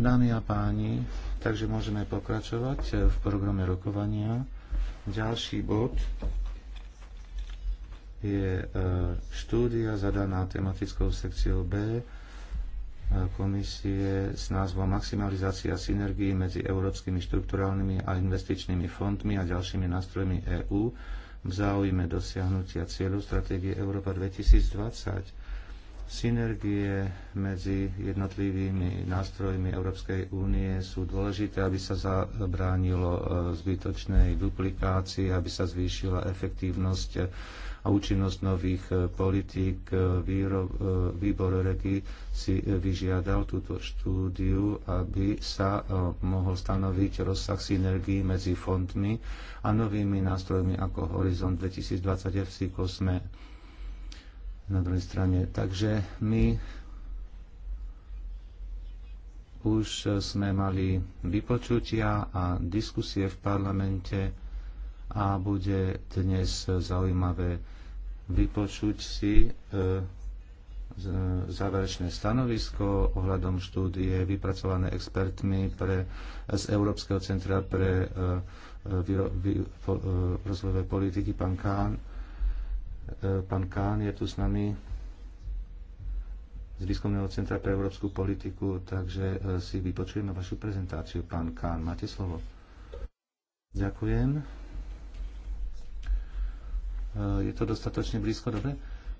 Dámy a páni, takže môžeme pokračovať eh, v programe rokovania. Ďalší bod je eh, štúdia zadaná tematickou sekciou B eh, komisie s názvom Maximalizácia synergií medzi európskymi štrukturálnymi a investičnými fondmi a ďalšími nástrojmi EÚ v záujme dosiahnutia cieľov stratégie Európa 2020 Synergie medzi jednotlivými nástrojmi Európskej únie sú dôležité, aby sa zabránilo e, zbytočnej duplikácii, aby sa zvýšila efektívnosť a účinnosť nových e, politík. E, výbor REGI si vyžiadal túto štúdiu, aby sa mohol stanoviť rozsah synergií medzi fondmi a novými nástrojmi ako Horizont 2020 FC Kosme na druhej strane. Takže my už sme mali vypočutia a diskusie v parlamente a bude dnes zaujímavé vypočuť si e, záverečné stanovisko ohľadom štúdie vypracované expertmi pre, z Európskeho centra pre e, e, rozvojové politiky, pán Kán E, pán Kán je tu s nami z Výskumného centra pre európsku politiku, takže e, si vypočujeme vašu prezentáciu. Pán Kán, máte slovo. Ďakujem. E, je to dostatočne blízko, dobre?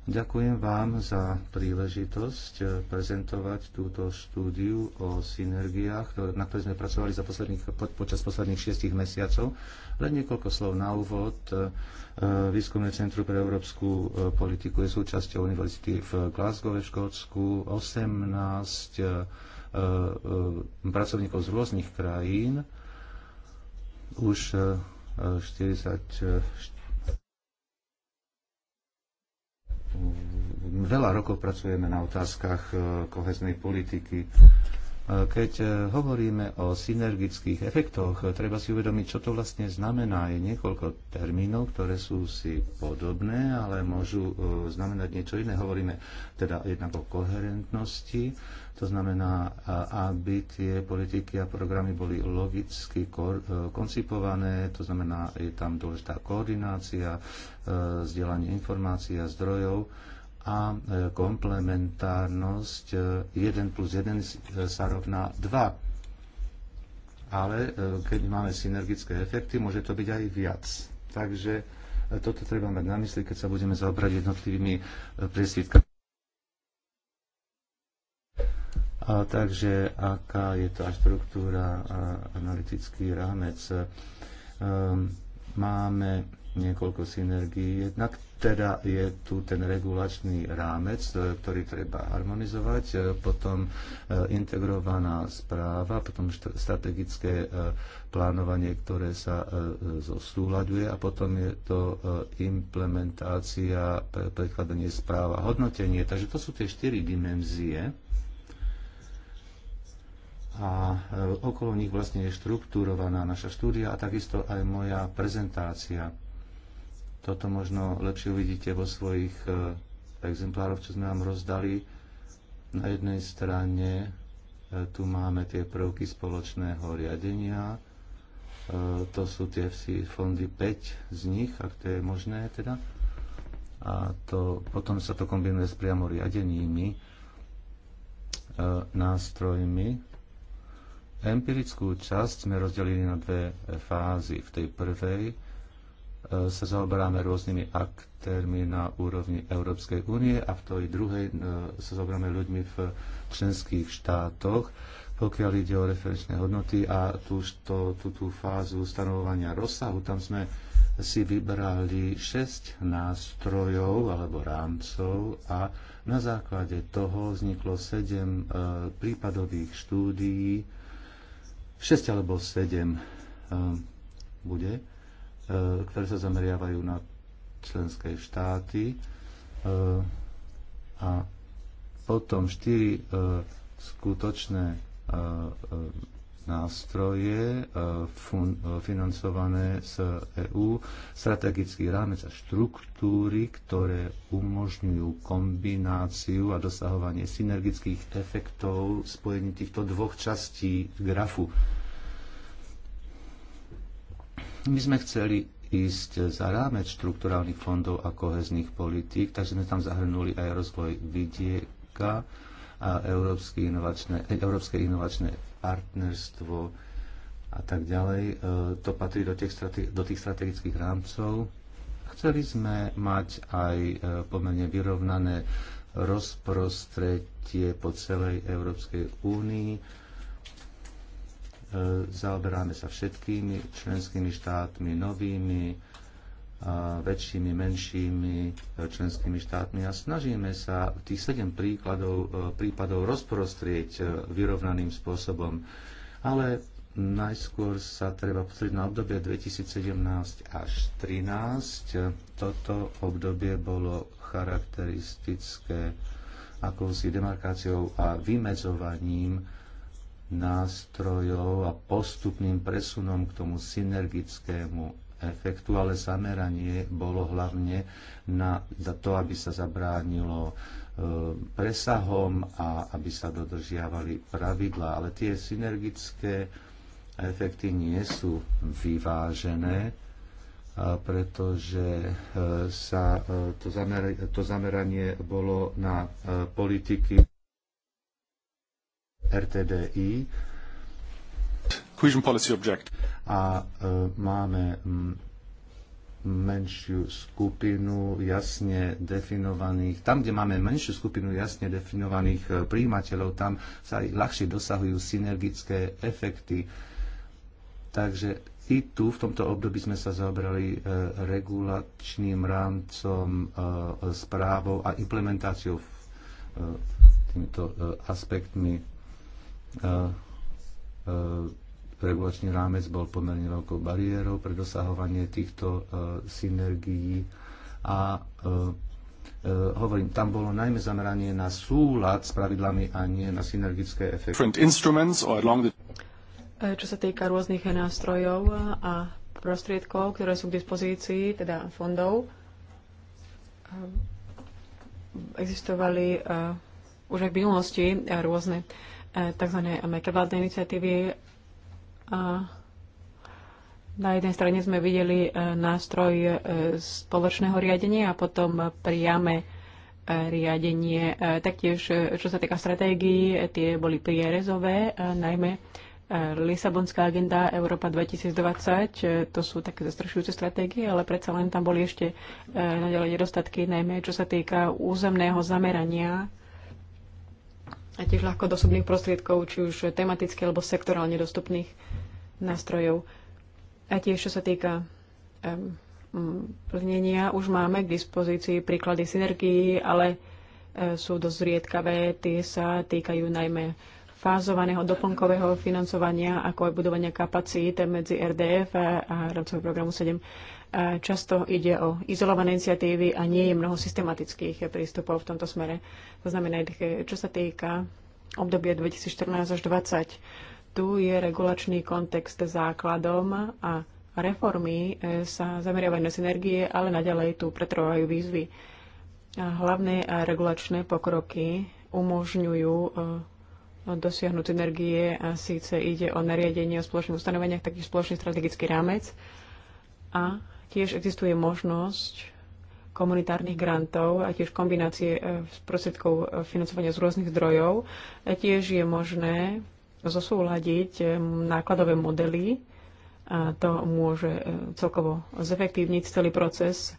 Ďakujem vám za príležitosť eh, prezentovať túto štúdiu o synergiách, na ktorej sme pracovali za posledných, počas posledných šiestich mesiacov. Len niekoľko slov na úvod. Eh, eh, Výskumné centrum pre európsku politiku je súčasťou univerzity v Glasgow v Škótsku. 18 pracovníkov z rôznych krajín už 44 veľa rokov pracujeme na otázkach eh, koheznej politiky keď e, hovoríme o synergických efektoch, treba si uvedomiť, čo to vlastne znamená. Je niekoľko termínov, ktoré sú si podobné, ale môžu e, znamenať niečo iné. Hovoríme teda jednak o koherentnosti, to znamená, aby tie politiky a programy boli logicky e, koncipované, to znamená, je tam dôležitá koordinácia, zdieľanie informácií a zdrojov a e, komplementárnosť 1 e, plus 1 sa rovná 2. Ale e, keď máme synergické efekty, môže to byť aj viac. Takže toto treba mať na mysli, keď sa budeme zaobrať jednotlivými priesvitkami. A takže aká je tá štruktúra a analytický rámec? Um, máme niekoľko synergií. Jednak teda je tu ten regulačný rámec, e, ktorý treba harmonizovať, e, potom e, integrovaná správa, potom strategické plánovanie, ktoré sa zosúľaduje a potom je to implementácia, prekladanie správa, hodnotenie. Takže to sú tie štyri dimenzie a okolo nich vlastne je štruktúrovaná naša štúdia a takisto aj moja prezentácia. Toto možno lepšie uvidíte vo svojich e, exemplároch, čo sme vám rozdali. Na jednej strane e, tu máme tie prvky spoločného riadenia, e, to sú tie fondy 5 z nich, ak to je možné teda. A to, potom sa to kombinuje s priamo riadenými nástrojmi. Empirickú časť sme rozdelili na dve fázy. V tej prvej E, sa zaoberáme rôznymi aktérmi na úrovni Európskej únie a v tej druhej e, sa zaoberáme ľuďmi v členských štátoch, pokiaľ ide o referenčné hodnoty a tú, to, tú, tú fázu stanovovania rozsahu, tam sme si vybrali 6 nástrojov alebo rámcov a na základe toho vzniklo 7 e, prípadových štúdií, 6 alebo 7 e, bude, E, ktoré sa zameriavajú na členské štáty e, a potom štyri e, skutočné nástroje financované z EÚ, strategický rámec a štruktúry, ktoré umožňujú kombináciu a dosahovanie synergických efektov spojení týchto dvoch častí grafu. My sme chceli ísť za rámec štrukturálnych fondov a kohezných politík, takže sme tam zahrnuli aj rozvoj vidieka a Európske inovačné, e, Európske inovačné partnerstvo a tak ďalej. E, to patrí do tých, do tých strategických rámcov. Chceli sme mať aj e, pomerne vyrovnané rozprostretie po celej Európskej únii E, zaoberáme sa všetkými členskými štátmi, novými, e, väčšími, menšími e, členskými štátmi a snažíme sa tých sedem príkladov, prípadov rozprostrieť vyrovnaným spôsobom. Ale najskôr sa treba pozrieť na obdobie 2017 až 2013. Toto obdobie bolo charakteristické akousi demarkáciou a vymedzovaním nástrojov a postupným presunom k tomu synergickému efektu, ale zameranie bolo hlavne na to, aby sa zabránilo e, presahom a aby sa dodržiavali pravidlá. Ale tie synergické efekty nie sú vyvážené, e, pretože e, sa to, zameranie bolo na politiky RTDI. Cohesion policy object. A e, máme menšiu skupinu jasne definovaných, tam, kde máme menšiu skupinu jasne definovaných e, príjimateľov, tam sa aj ľahšie dosahujú synergické efekty. Takže i tu v tomto období sme sa zaobrali e, regulačným rámcom, správou a implementáciou týmito aspektmi regulačný rámec bol pomerne veľkou bariérou pre dosahovanie týchto e, synergií a e, e, hovorím, tam bolo najmä zameranie na súlad s pravidlami a nie na synergické efekty. Čo sa týka rôznych nástrojov a prostriedkov, ktoré sú k dispozícii, teda fondov, existovali už aj v minulosti rôzne E, tzv. metovládnej iniciatívy. A e, na jednej strane sme videli e, nástroj spoločného riadenia a potom priame riadenie. Taktiež, čo sa týka stratégií, tie boli prierezové, najmä Lisabonská agenda Európa 2020, to sú také zastrašujúce stratégie, ale predsa len tam boli ešte naďalej nedostatky, najmä čo sa týka územného zamerania a tiež ľahko dostupných prostriedkov, či už tematicky alebo sektorálne dostupných nástrojov. A tiež, čo sa týka um, plnenia, už máme k dispozícii príklady synergií, ale e, sú dosť zriedkavé. Tie sa týkajú najmä fázovaného doplnkového financovania, ako aj budovania kapacít medzi RDF a rámcového programu 7. Často ide o izolované iniciatívy a nie je mnoho systematických prístupov v tomto smere. To znamená, čo sa týka obdobia 2014 až 2020, tu je regulačný kontext základom a reformy e, sa zameriavajú na synergie, ale naďalej tu pretrvajú výzvy. Hlavné regulačné pokroky umožňujú e, dosiahnuť synergie a síce ide o nariadenie o spoločných ustanoveniach, taký spoločný strategický rámec a Tiež existuje možnosť komunitárnych grantov a tiež kombinácie e, prostriedkov e, financovania z rôznych zdrojov. E, tiež je možné zosúľadiť nákladové modely a to môže celkovo zefektívniť celý proces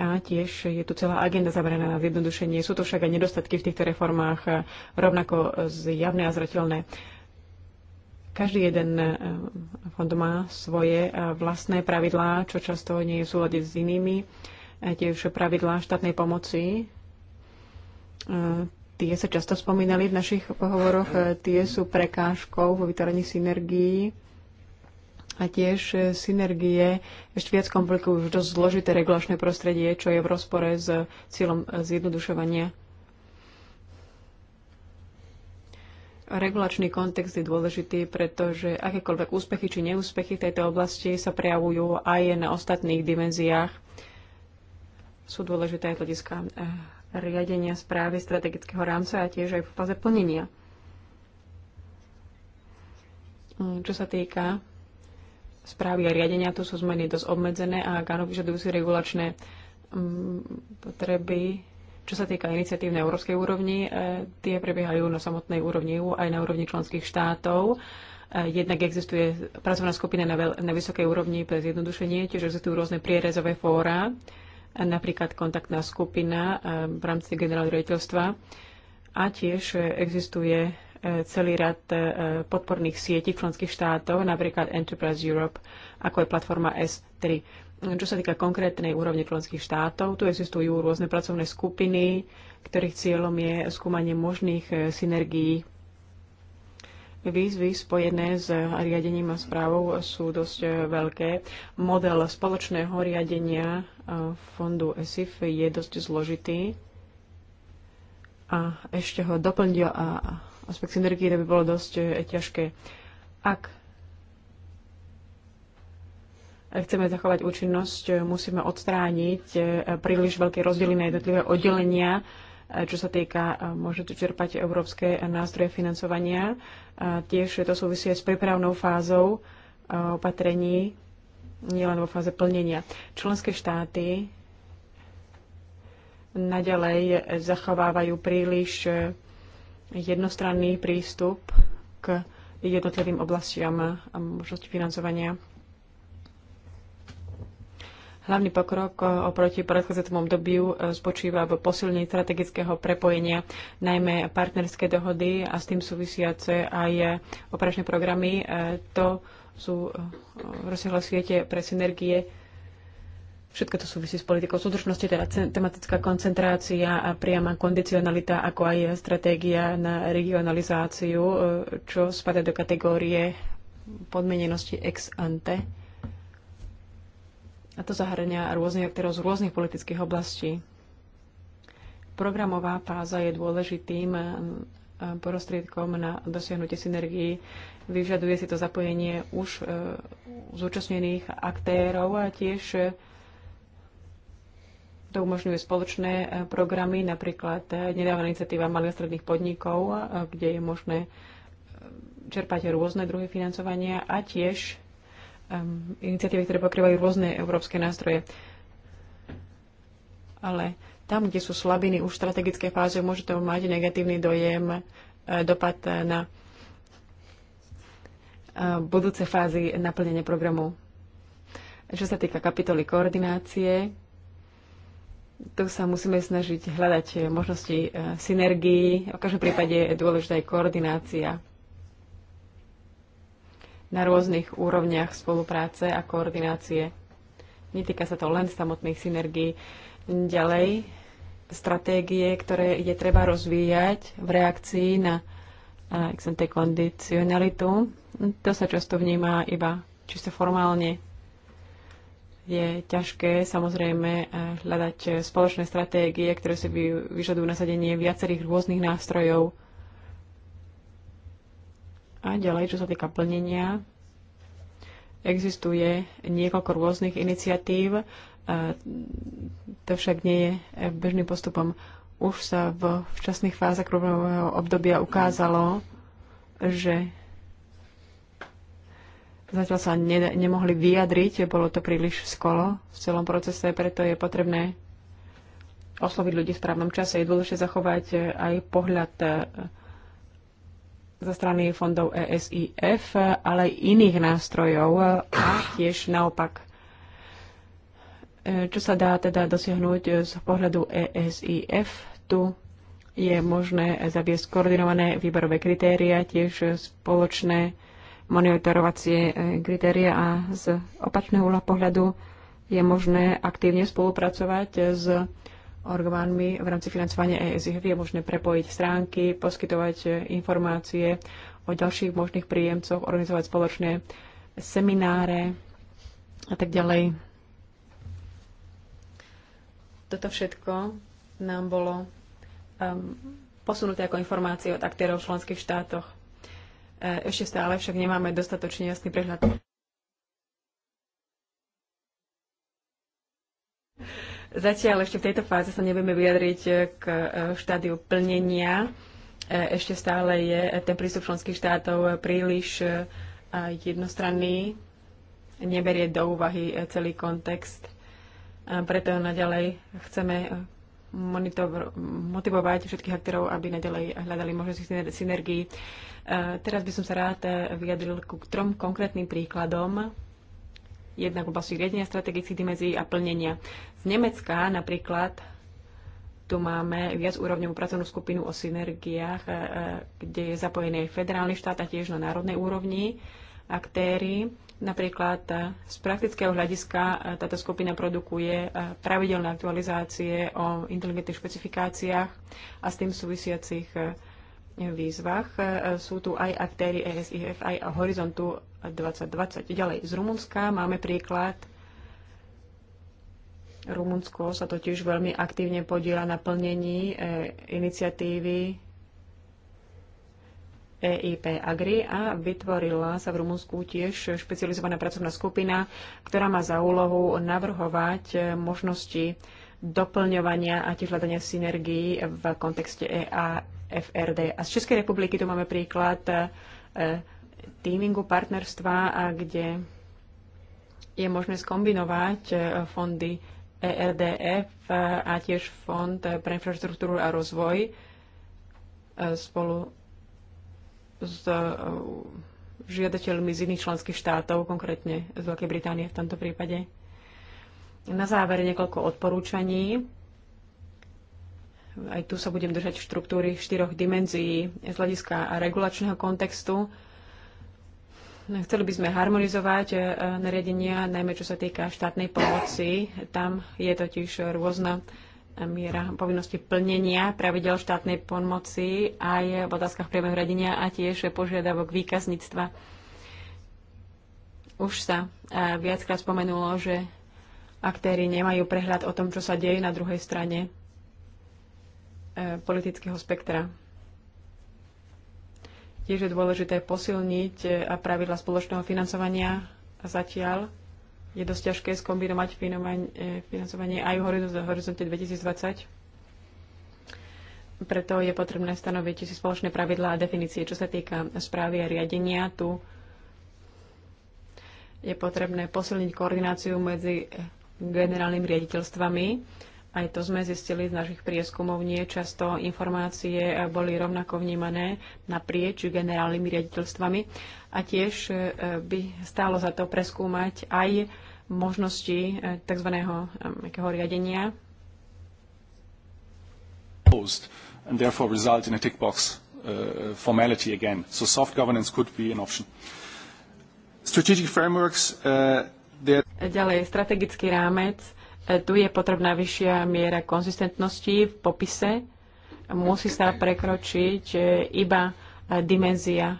a tiež je tu celá agenda zameraná na zjednodušenie. Sú to však aj nedostatky v týchto reformách rovnako zjavné a zretelné. Každý jeden eh, fond má svoje eh, vlastné pravidlá, čo často nie je v súlade s inými. Eh, tiež pravidlá štátnej pomoci. Tie sa často spomínali v našich pohovoroch. Tie sú prekážkou vo vytvorení synergií a tiež synergie ešte viac komplikujú už dosť zložité regulačné prostredie, čo je v rozpore s cieľom zjednodušovania Regulačný kontext je dôležitý, pretože akékoľvek úspechy či neúspechy v tejto oblasti sa prejavujú aj na ostatných dimenziách. Sú dôležité aj hľadiska eh, riadenia správy strategického rámca a tiež aj v fáze plnenia. Mm, čo sa týka správy a riadenia, tu sú zmeny dosť obmedzené a áno, vyžadujú si regulačné mm, potreby čo sa týka iniciatív na európskej úrovni, e, tie prebiehajú na samotnej úrovni EU aj na úrovni členských štátov. E, jednak existuje pracovná skupina na, veľ, na vysokej úrovni pre zjednodušenie, tiež existujú rôzne prierezové fóra, e, napríklad kontaktná skupina v rámci generálneho riaditeľstva a tiež existuje celý rad podporných sietí členských štátov, napríklad Enterprise Europe, ako je platforma S3. Čo sa týka konkrétnej úrovne členských štátov, tu existujú rôzne pracovné skupiny, ktorých cieľom je skúmanie možných e, synergií. Výzvy spojené s riadením a správou sú dosť e, veľké. Model spoločného riadenia e, fondu ESIF je dosť zložitý a ešte ho doplnil a aspekt synergie, to by bolo dosť ťažké. Ak chceme zachovať účinnosť, musíme odstrániť e, príliš veľké rozdiely na jednotlivé oddelenia, e, čo sa týka e, môžete čerpať európske nástroje financovania. tiež to súvisí s prípravnou fázou opatrení, nielen vo fáze plnenia. Členské štáty naďalej zachovávajú príliš jednostranný prístup k jednotlivým oblastiam a možnosti financovania. Hlavný pokrok e, oproti predchádzajúcemu obdobiu e, spočíva v posilnení strategického prepojenia, najmä partnerské dohody a s tým súvisiace aj e, operačné programy. To sú rozsiahle siete pre synergie. Všetko to súvisí s politikou súdržnosti, teda tematická koncentrácia a priama kondicionalita, ako aj stratégia na regionalizáciu, čo spada do kategórie podmenenosti ex ante a to zahrania rôznych aktérov z rôznych politických oblastí. Programová fáza je dôležitým mm, prostriedkom na dosiahnutie synergii. Vyžaduje si to zapojenie už e, zúčastnených aktérov a tiež e, to umožňuje spoločné e, programy, napríklad nedávna iniciatíva malých a stredných podnikov, kde je možné čerpať rôzne druhy financovania a tiež iniciatívy, ktoré pokrývajú rôzne európske nástroje. Ale tam, kde sú slabiny už v strategickej fáze, môže to mať negatívny dojem, e, dopad na e, budúce fázy naplnenia programu. Čo sa týka kapitoly koordinácie, tu sa musíme snažiť hľadať možnosti e, synergii. V každom prípade je dôležitá aj koordinácia na rôznych úrovniach spolupráce a koordinácie. Netýka sa to len samotných synergií. Ďalej, stratégie, ktoré je treba rozvíjať v reakcii na exante kondicionalitu. To sa často vníma iba čisto formálne. Je ťažké samozrejme eh, hľadať spoločné stratégie, ktoré si vyžadujú nasadenie viacerých rôznych nástrojov a ďalej, čo sa týka plnenia, existuje niekoľko rôznych iniciatív, e, to však nie je bežným postupom. Už sa v včasných fázach problémového obdobia ukázalo, že zatiaľ sa ne, nemohli vyjadriť, bolo to príliš skolo v celom procese, preto je potrebné osloviť ľudí v správnom čase. Je dôležité zachovať aj pohľad e, zo strany fondov ESIF, ale aj iných nástrojov a tiež naopak. E, čo sa dá teda dosiahnuť e, z pohľadu ESIF? Tu je možné zaviesť koordinované výberové kritéria, tiež spoločné monitorovacie e, kritéria a z opačného pohľadu je možné aktívne spolupracovať s orgánmi v rámci financovania ESIF je možné prepojiť stránky, poskytovať informácie o ďalších možných príjemcoch, organizovať spoločné semináre a tak ďalej. Toto všetko nám bolo um, posunuté ako informácie od aktérov v členských štátoch. E, ešte stále však nemáme dostatočne jasný prehľad Zatiaľ ešte v tejto fáze sa nevieme vyjadriť e, k e, štádiu plnenia. E, ešte stále je ten prístup členských štátov príliš jednostranný, neberie do úvahy celý kontext. Preto naďalej chceme monitor, motivovať všetkých aktérov, aby naďalej hľadali možnosti synergii. Teraz by som sa rád vyjadril k trom konkrétnym príkladom jednak v oblasti riadenia strategických dimenzí a plnenia. Z Nemecka napríklad tu máme viac úrovňovú pracovnú skupinu o synergiách, e, e, kde je zapojený federálny štát a tiež na národnej úrovni aktéry. Napríklad e, z praktického hľadiska táto skupina produkuje pravidelné aktualizácie o inteligentných špecifikáciách a s tým súvisiacich výzvach. E, sú tu aj aktéry ESIF, aj Horizontu 2020. Ďalej, z Rumunska máme príklad. Rumunsko sa totiž veľmi aktívne podiela na plnení e, iniciatívy EIP Agri a vytvorila sa v Rumunsku tiež špecializovaná pracovná skupina, ktorá má za úlohu navrhovať e, možnosti doplňovania a tiež hľadania synergií v kontexte e FRD. A z Českej republiky tu máme príklad e, týmingu partnerstva, kde je možné skombinovať e, fondy ERDF a tiež Fond pre infraštruktúru a rozvoj spolu s žiadateľmi z iných členských štátov, konkrétne z Veľkej Británie v tomto prípade. Na záver niekoľko odporúčaní. Aj tu sa budem držať v štruktúry štyroch dimenzií z hľadiska regulačného kontextu. Chceli by sme harmonizovať e, nariadenia, najmä čo sa týka štátnej pomoci. Tam je totiž rôzna e, miera povinnosti plnenia pravidel štátnej pomoci aj v otázkach priebehu radenia a tiež požiadavok výkazníctva. Už sa e, viackrát spomenulo, že aktéry nemajú prehľad o tom, čo sa deje na druhej strane e, politického spektra. Tiež je dôležité posilniť e, pravidla spoločného financovania a zatiaľ je dosť ťažké skombinovať e, financovanie aj v horizonte 2020. Preto je potrebné stanoviť si spoločné pravidlá a definície, čo sa týka správy a riadenia. Tu je potrebné posilniť koordináciu medzi generálnymi riaditeľstvami. Aj to sme zistili z našich prieskumov. Nie často informácie boli rovnako vnímané naprieč generálnymi riaditeľstvami. A tiež e, by stálo za to preskúmať aj možnosti e, tzv. E, riadenia. And therefore result in a tick box uh, formality again. So soft governance could be an option. Strategic frameworks uh, Ďalej, strategický rámec. E, tu je potrebná vyššia miera konzistentnosti v popise. Musí sa prekročiť e, iba e, dimenzia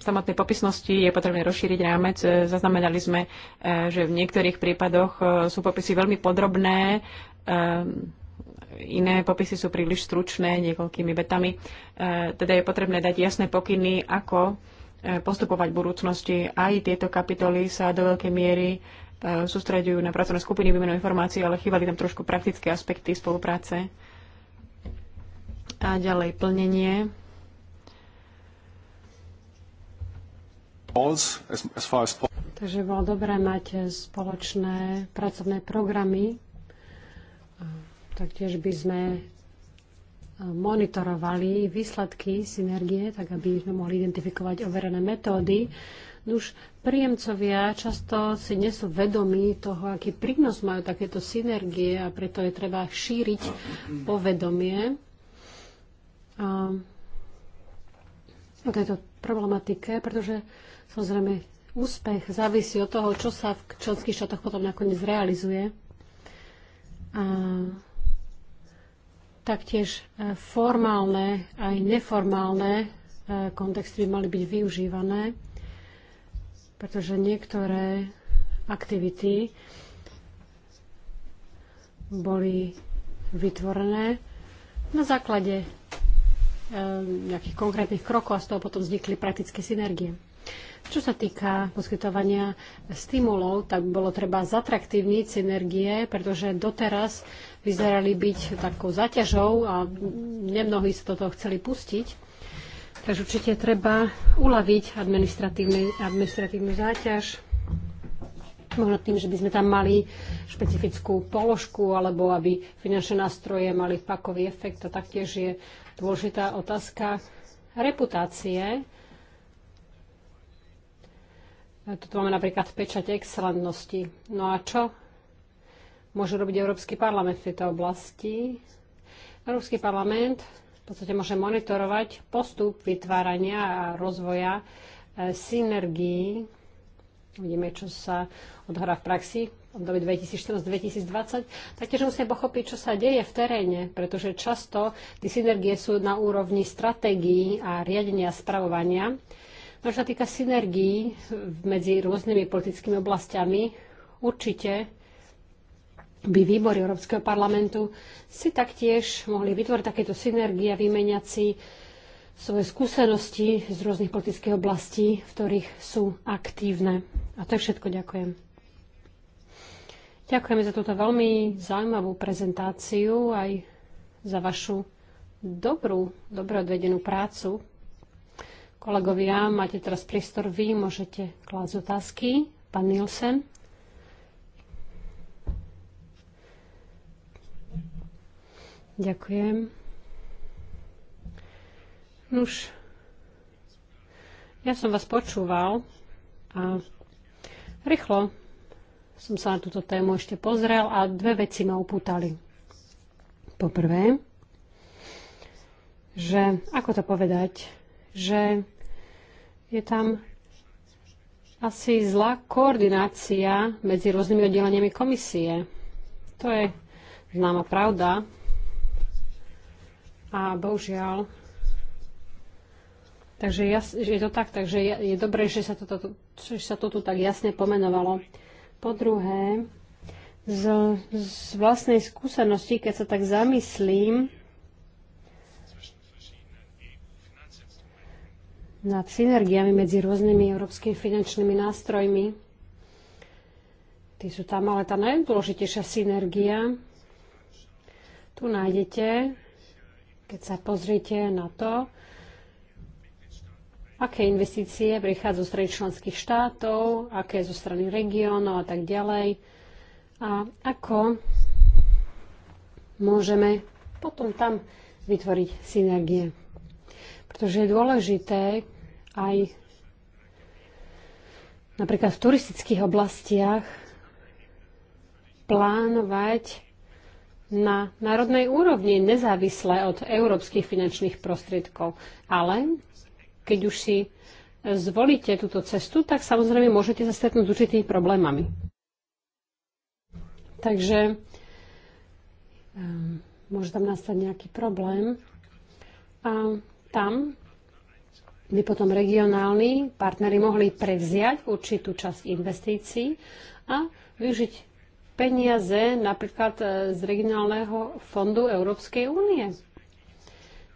samotnej popisnosti je potrebné rozšíriť rámec. Zaznamenali sme, že v niektorých prípadoch sú popisy veľmi podrobné, iné popisy sú príliš stručné niekoľkými vetami. E, teda je potrebné dať jasné pokyny, ako e, postupovať v budúcnosti. Aj tieto kapitoly sa do veľkej miery e, sústredujú na pracovné skupiny, výmenu informácií, ale chýbali tam trošku praktické aspekty spolupráce. A ďalej plnenie. Takže bolo dobré mať spoločné pracovné programy Taktiež by sme e, monitorovali výsledky synergie, tak aby sme mohli identifikovať overené metódy. Už príjemcovia často si nie sú vedomí toho, aký prínos majú takéto synergie a preto je treba šíriť povedomie a o tejto problematike, pretože samozrejme úspech závisí od toho, čo sa v členských štátoch potom nakoniec realizuje. A Taktiež e, formálne aj neformálne e, kontexty by mali byť využívané, pretože niektoré aktivity boli vytvorené na základe e, nejakých konkrétnych krokov a z toho potom vznikli praktické synergie. Čo sa týka poskytovania stimulov, tak bolo treba zatraktívniť synergie, pretože doteraz vyzerali byť takou zaťažou a nemnohí sa toto chceli pustiť. Takže určite treba uľaviť administratívnu záťaž, možno tým, že by sme tam mali špecifickú položku, alebo aby finančné nástroje mali pakový efekt. To taktiež je dôležitá otázka reputácie tu máme napríklad pečať excelentnosti. No a čo môže robiť Európsky parlament v tejto oblasti? Európsky parlament v podstate môže monitorovať postup vytvárania a rozvoja e, synergií. Vidíme, čo sa odhrá v praxi v období 2014-2020. Taktiež musíme pochopiť, čo sa deje v teréne, pretože často tie synergie sú na úrovni stratégií a riadenia a spravovania. No, čo sa týka synergií medzi rôznymi politickými oblastiami, určite by výbory Európskeho parlamentu si taktiež mohli vytvoriť takéto synergie a vymeniať si svoje skúsenosti z rôznych politických oblastí, v ktorých sú aktívne. A to je všetko. Ďakujem. Ďakujeme za túto veľmi zaujímavú prezentáciu aj za vašu dobrú, dobre odvedenú prácu. Kolegovia, máte teraz priestor vy, môžete klásť otázky. Pán Nielsen. Ďakujem. Nuž, ja som vás počúval a rýchlo som sa na túto tému ešte pozrel a dve veci ma upútali. Poprvé, že ako to povedať, že je tam asi zlá koordinácia medzi rôznymi oddeleniami komisie. To je známa pravda. A bohužiaľ. Takže je to tak, takže je, je dobré, že sa, toto, že sa to tu tak jasne pomenovalo. Po druhé, z, z vlastnej skúsenosti, keď sa tak zamyslím, nad synergiami medzi rôznymi európskymi finančnými nástrojmi. Tí sú tam, ale tá najdôležitejšia synergia tu nájdete, keď sa pozrite na to, aké investície prichádzajú z strany členských štátov, aké zo strany regiónov a tak ďalej a ako môžeme potom tam vytvoriť synergie pretože je dôležité aj napríklad v turistických oblastiach plánovať na národnej úrovni, nezávisle od európskych finančných prostriedkov. Ale keď už si zvolíte túto cestu, tak samozrejme môžete sa stretnúť s určitými problémami. Takže ehm, môže tam nastať nejaký problém. A tam by potom regionálni partnery mohli prevziať určitú časť investícií a využiť peniaze napríklad e, z regionálneho fondu Európskej únie.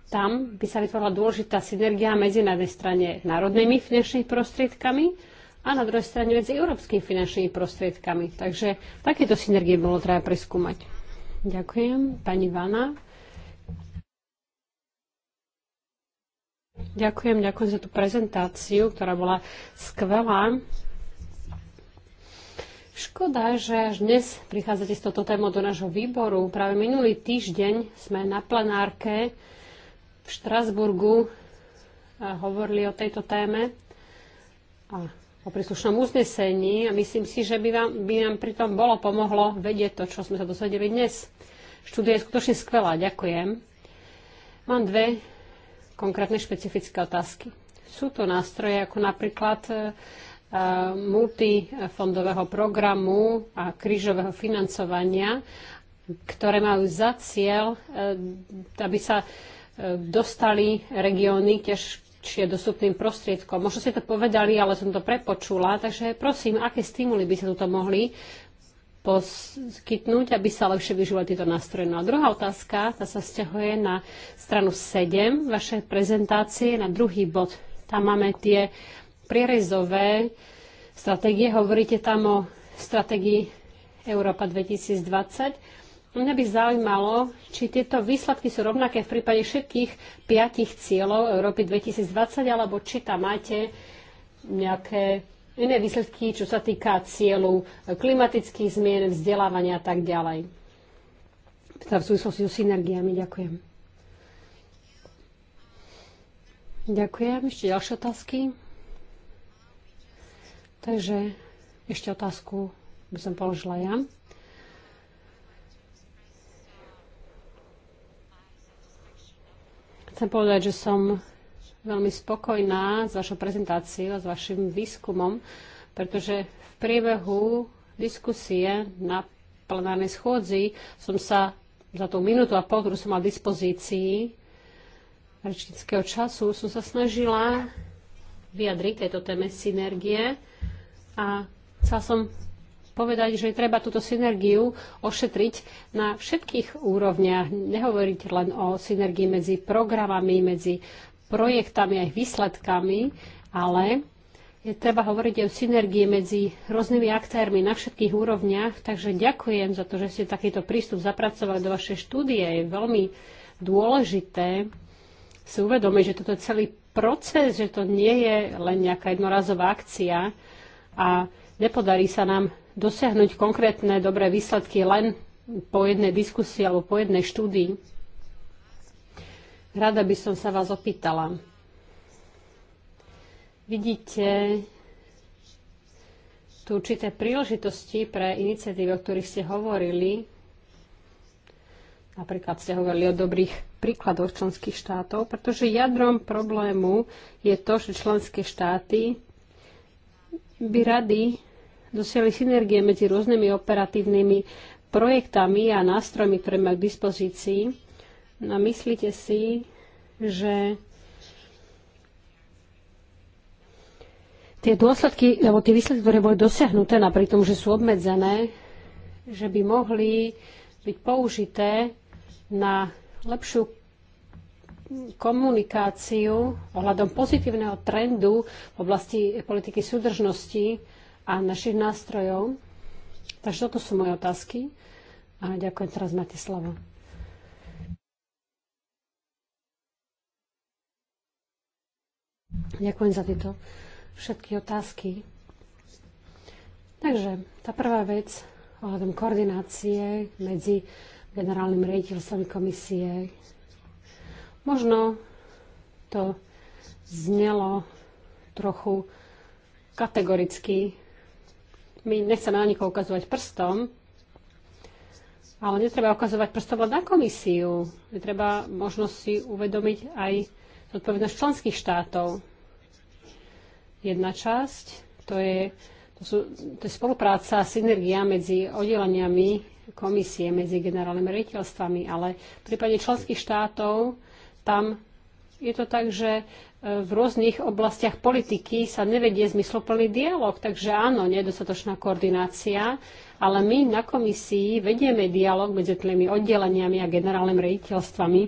Tam by sa vytvorila dôležitá synergia medzi na jednej strane národnými finančnými prostriedkami a na druhej strane medzi európskymi finančnými prostriedkami. Takže takéto synergie bolo treba preskúmať. Ďakujem. Pani Vana. Ďakujem, ďakujem za tú prezentáciu, ktorá bola skvelá. Škoda, že až dnes prichádzate s touto témou do nášho výboru. Práve minulý týždeň sme na plenárke v Štrasburgu eh, hovorili o tejto téme a o príslušnom uznesení a myslím si, že by, vám, by nám pritom bolo pomohlo vedieť to, čo sme sa dozvedeli dnes. Štúdia je skutočne skvelá, ďakujem. Mám dve konkrétne špecifické otázky. Sú to nástroje ako napríklad e, e, multifondového programu a krížového financovania, ktoré majú za cieľ, e, aby sa dostali regióny k ťažšie dostupným prostriedkom. Možno ste to povedali, ale som to prepočula, takže prosím, aké stimuly by sa tu mohli poskytnúť, aby sa lepšie využívali tieto nástroje. No a druhá otázka, tá sa vzťahuje na stranu 7 vašej prezentácie, na druhý bod. Tam máme tie prierezové stratégie, hovoríte tam o stratégii Európa 2020. Mňa by zaujímalo, či tieto výsledky sú rovnaké v prípade všetkých piatich cieľov Európy 2020, alebo či tam máte nejaké iné výsledky, čo sa týka cieľu klimatických zmien, vzdelávania a tak ďalej. Teda v súvislosti so synergiami. Ďakujem. Ďakujem. Ešte ďalšie otázky? Takže ešte otázku by som položila ja. Chcem povedať, že som veľmi spokojná s vašou prezentáciou, s vašim výskumom, pretože v priebehu diskusie na plenárnej schôdzi som sa za tú minútu a pol, ktorú som mal v dispozícii rečníckého času, som sa snažila vyjadriť tejto téme synergie a chcela som povedať, že treba túto synergiu ošetriť na všetkých úrovniach. Nehovoriť len o synergii medzi programami, medzi projektami, aj výsledkami, ale je treba hovoriť aj o synergii medzi rôznymi aktérmi na všetkých úrovniach, takže ďakujem za to, že ste takýto prístup zapracovali do vašej štúdie. Je veľmi dôležité si uvedomiť, že toto je celý proces, že to nie je len nejaká jednorazová akcia a nepodarí sa nám dosiahnuť konkrétne dobré výsledky len po jednej diskusii alebo po jednej štúdii. Rada by som sa vás opýtala. Vidíte tu určité príležitosti pre iniciatívy, o ktorých ste hovorili. Napríklad ste hovorili o dobrých príkladoch členských štátov, pretože jadrom problému je to, že členské štáty by rady dosiali synergie medzi rôznymi operatívnymi projektami a nástrojmi, ktoré majú k dispozícii No myslíte si, že tie dôsledky, alebo tie výsledky, ktoré boli dosiahnuté, napriek tomu, že sú obmedzené, že by mohli byť použité na lepšiu komunikáciu ohľadom pozitívneho trendu v oblasti politiky súdržnosti a našich nástrojov. Takže toto sú moje otázky. A ďakujem, teraz máte slovo. Ďakujem za tieto všetky otázky. Takže tá prvá vec ohľadom koordinácie medzi generálnym riaditeľstvom komisie. Možno to znelo trochu kategoricky. My nechceme na nikoho ukazovať prstom, ale netreba ukazovať prstom len na komisiu. Treba možno si uvedomiť aj zodpovednosť členských štátov. Jedna časť, to je, to sú, to je spolupráca, synergia medzi oddeleniami komisie, medzi generálnymi riaditeľstvami, ale v prípade členských štátov tam je to tak, že e, v rôznych oblastiach politiky sa nevedie zmysloplný dialog. Takže áno, nedostatočná koordinácia, ale my na komisii vedieme dialog medzi tými oddeleniami a generálnymi riaditeľstvami.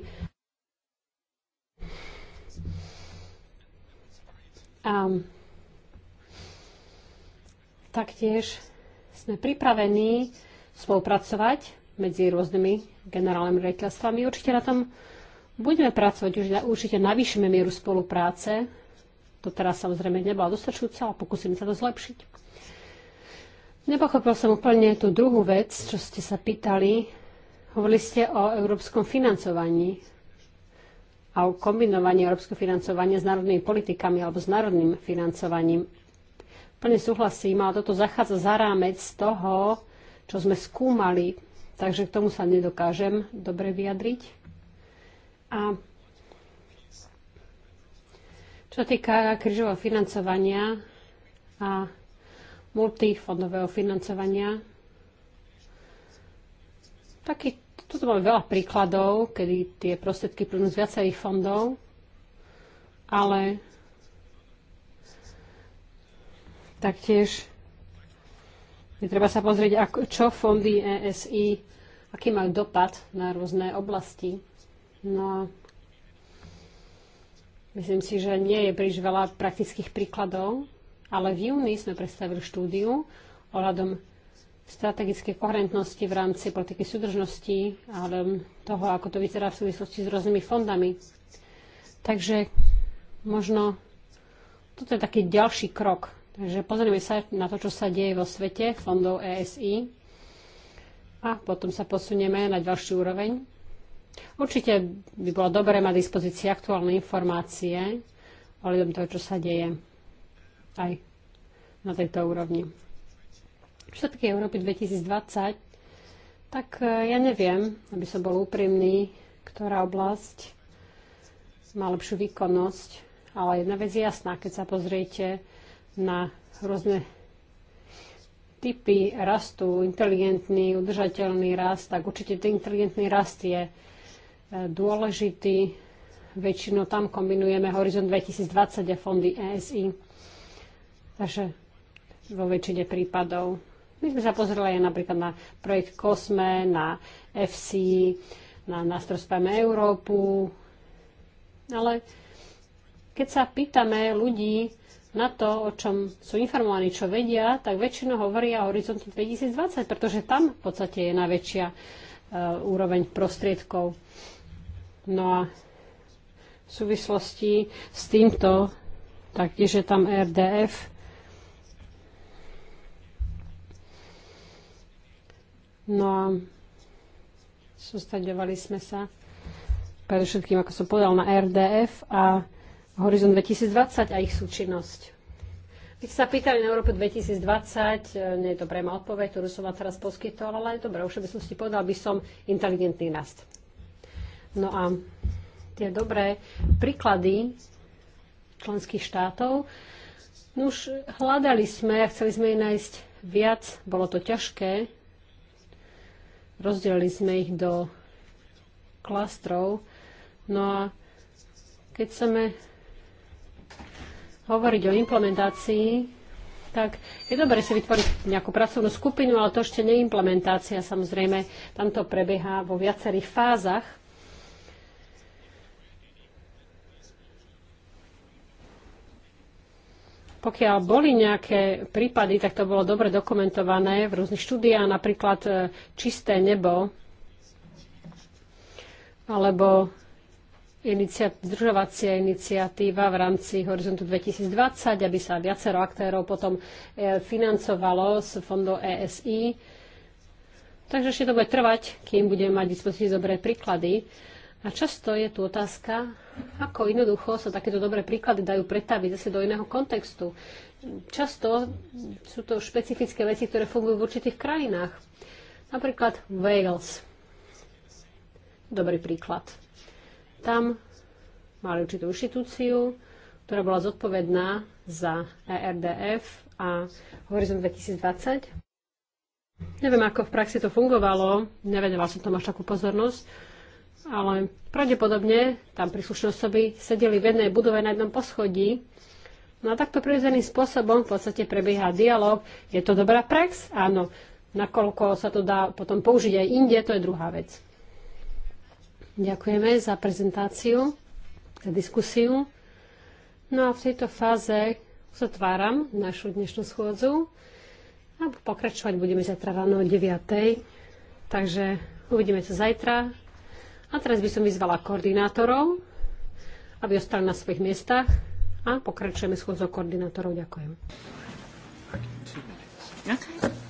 A taktiež sme pripravení spolupracovať medzi rôznymi generálnymi riaditeľstvami. Určite na tom budeme pracovať, už určite navýšime mieru spolupráce. To teraz samozrejme nebola dostačujúca, ale pokúsim sa to zlepšiť. Nepochopil som úplne tú druhú vec, čo ste sa pýtali. Hovorili ste o európskom financovaní a o kombinovaní európskeho financovania s národnými politikami alebo s národným financovaním. Plne súhlasím, ale toto zachádza za rámec toho, čo sme skúmali, takže k tomu sa nedokážem dobre vyjadriť. A čo týka križového financovania a multifondového financovania, taký toto máme veľa príkladov, kedy tie prostriedky plynú z viacerých fondov, ale taktiež je treba sa pozrieť, ako, čo fondy ESI, aký majú dopad na rôzne oblasti. No a myslím si, že nie je príliš veľa praktických príkladov, ale v júni sme predstavili štúdiu ohľadom strategickej koherentnosti v rámci politiky súdržnosti, ale toho, ako to vyzerá v súvislosti s rôznymi fondami. Takže možno toto je taký ďalší krok. Takže pozrieme sa na to, čo sa deje vo svete fondov ESI a potom sa posunieme na ďalší úroveň. Určite by bolo dobré mať dispozícii aktuálne informácie o toho, čo sa deje aj na tejto úrovni. Všetky Európy 2020, tak e, ja neviem, aby som bol úprimný, ktorá oblasť má lepšiu výkonnosť, ale jedna vec je jasná, keď sa pozriete na rôzne typy rastu, inteligentný, udržateľný rast, tak určite ten inteligentný rast je e, dôležitý. Väčšinou tam kombinujeme Horizon 2020 a fondy ESI. Takže vo väčšine prípadov my sme sa pozreli napríklad na projekt COSME, na FC, na nástroj Európu, ale keď sa pýtame ľudí na to, o čom sú informovaní, čo vedia, tak väčšinou hovoria o horizonte 2020, pretože tam v podstate je najväčšia uh, úroveň prostriedkov. No a v súvislosti s týmto taktiež je tam RDF No a sústaďovali sme sa predovšetkým, ako som povedal, na RDF a Horizon 2020 a ich súčinnosť. Vy ste sa pýtali na Európe 2020, nie je to prejma odpoveď, ktorú som vám teraz poskytol, ale dobre, už by som si povedal, by som inteligentný rast. No a tie dobré príklady členských štátov, no už hľadali sme a chceli sme ich nájsť viac, bolo to ťažké, rozdelili sme ich do klastrov. No a keď chceme hovoriť o implementácii, tak je dobre si vytvoriť nejakú pracovnú skupinu, ale to ešte neimplementácia. Samozrejme, tam to prebieha vo viacerých fázach. Pokiaľ boli nejaké prípady, tak to bolo dobre dokumentované v rôznych štúdiách, napríklad e, Čisté nebo alebo združovacia iniciatíva v rámci Horizontu 2020, aby sa viacero aktérov potom e, financovalo z fondov ESI. Takže ešte to bude trvať, kým budeme mať dispozícii dobré príklady. A často je tu otázka, ako jednoducho sa takéto dobré príklady dajú pretaviť zase do iného kontextu. Často sú to špecifické veci, ktoré fungujú v určitých krajinách. Napríklad Wales. Dobrý príklad. Tam mali určitú inštitúciu, ktorá bola zodpovedná za ERDF a Horizon 2020. Neviem, ako v praxi to fungovalo, nevedela som tomu až takú pozornosť, ale pravdepodobne tam príslušné osoby sedeli v jednej budove na jednom poschodí. No a takto prirodzeným spôsobom v podstate prebieha dialog. Je to dobrá prax? Áno. Nakoľko sa to dá potom použiť aj inde, to je druhá vec. Ďakujeme za prezentáciu, za diskusiu. No a v tejto fáze zatváram našu dnešnú schôdzu a pokračovať budeme zajtra ráno o 9. Takže uvidíme sa zajtra. A teraz by som vyzvala koordinátorov, aby ostali na svojich miestach a pokračujeme schôdzou koordinátorov. Ďakujem. Okay.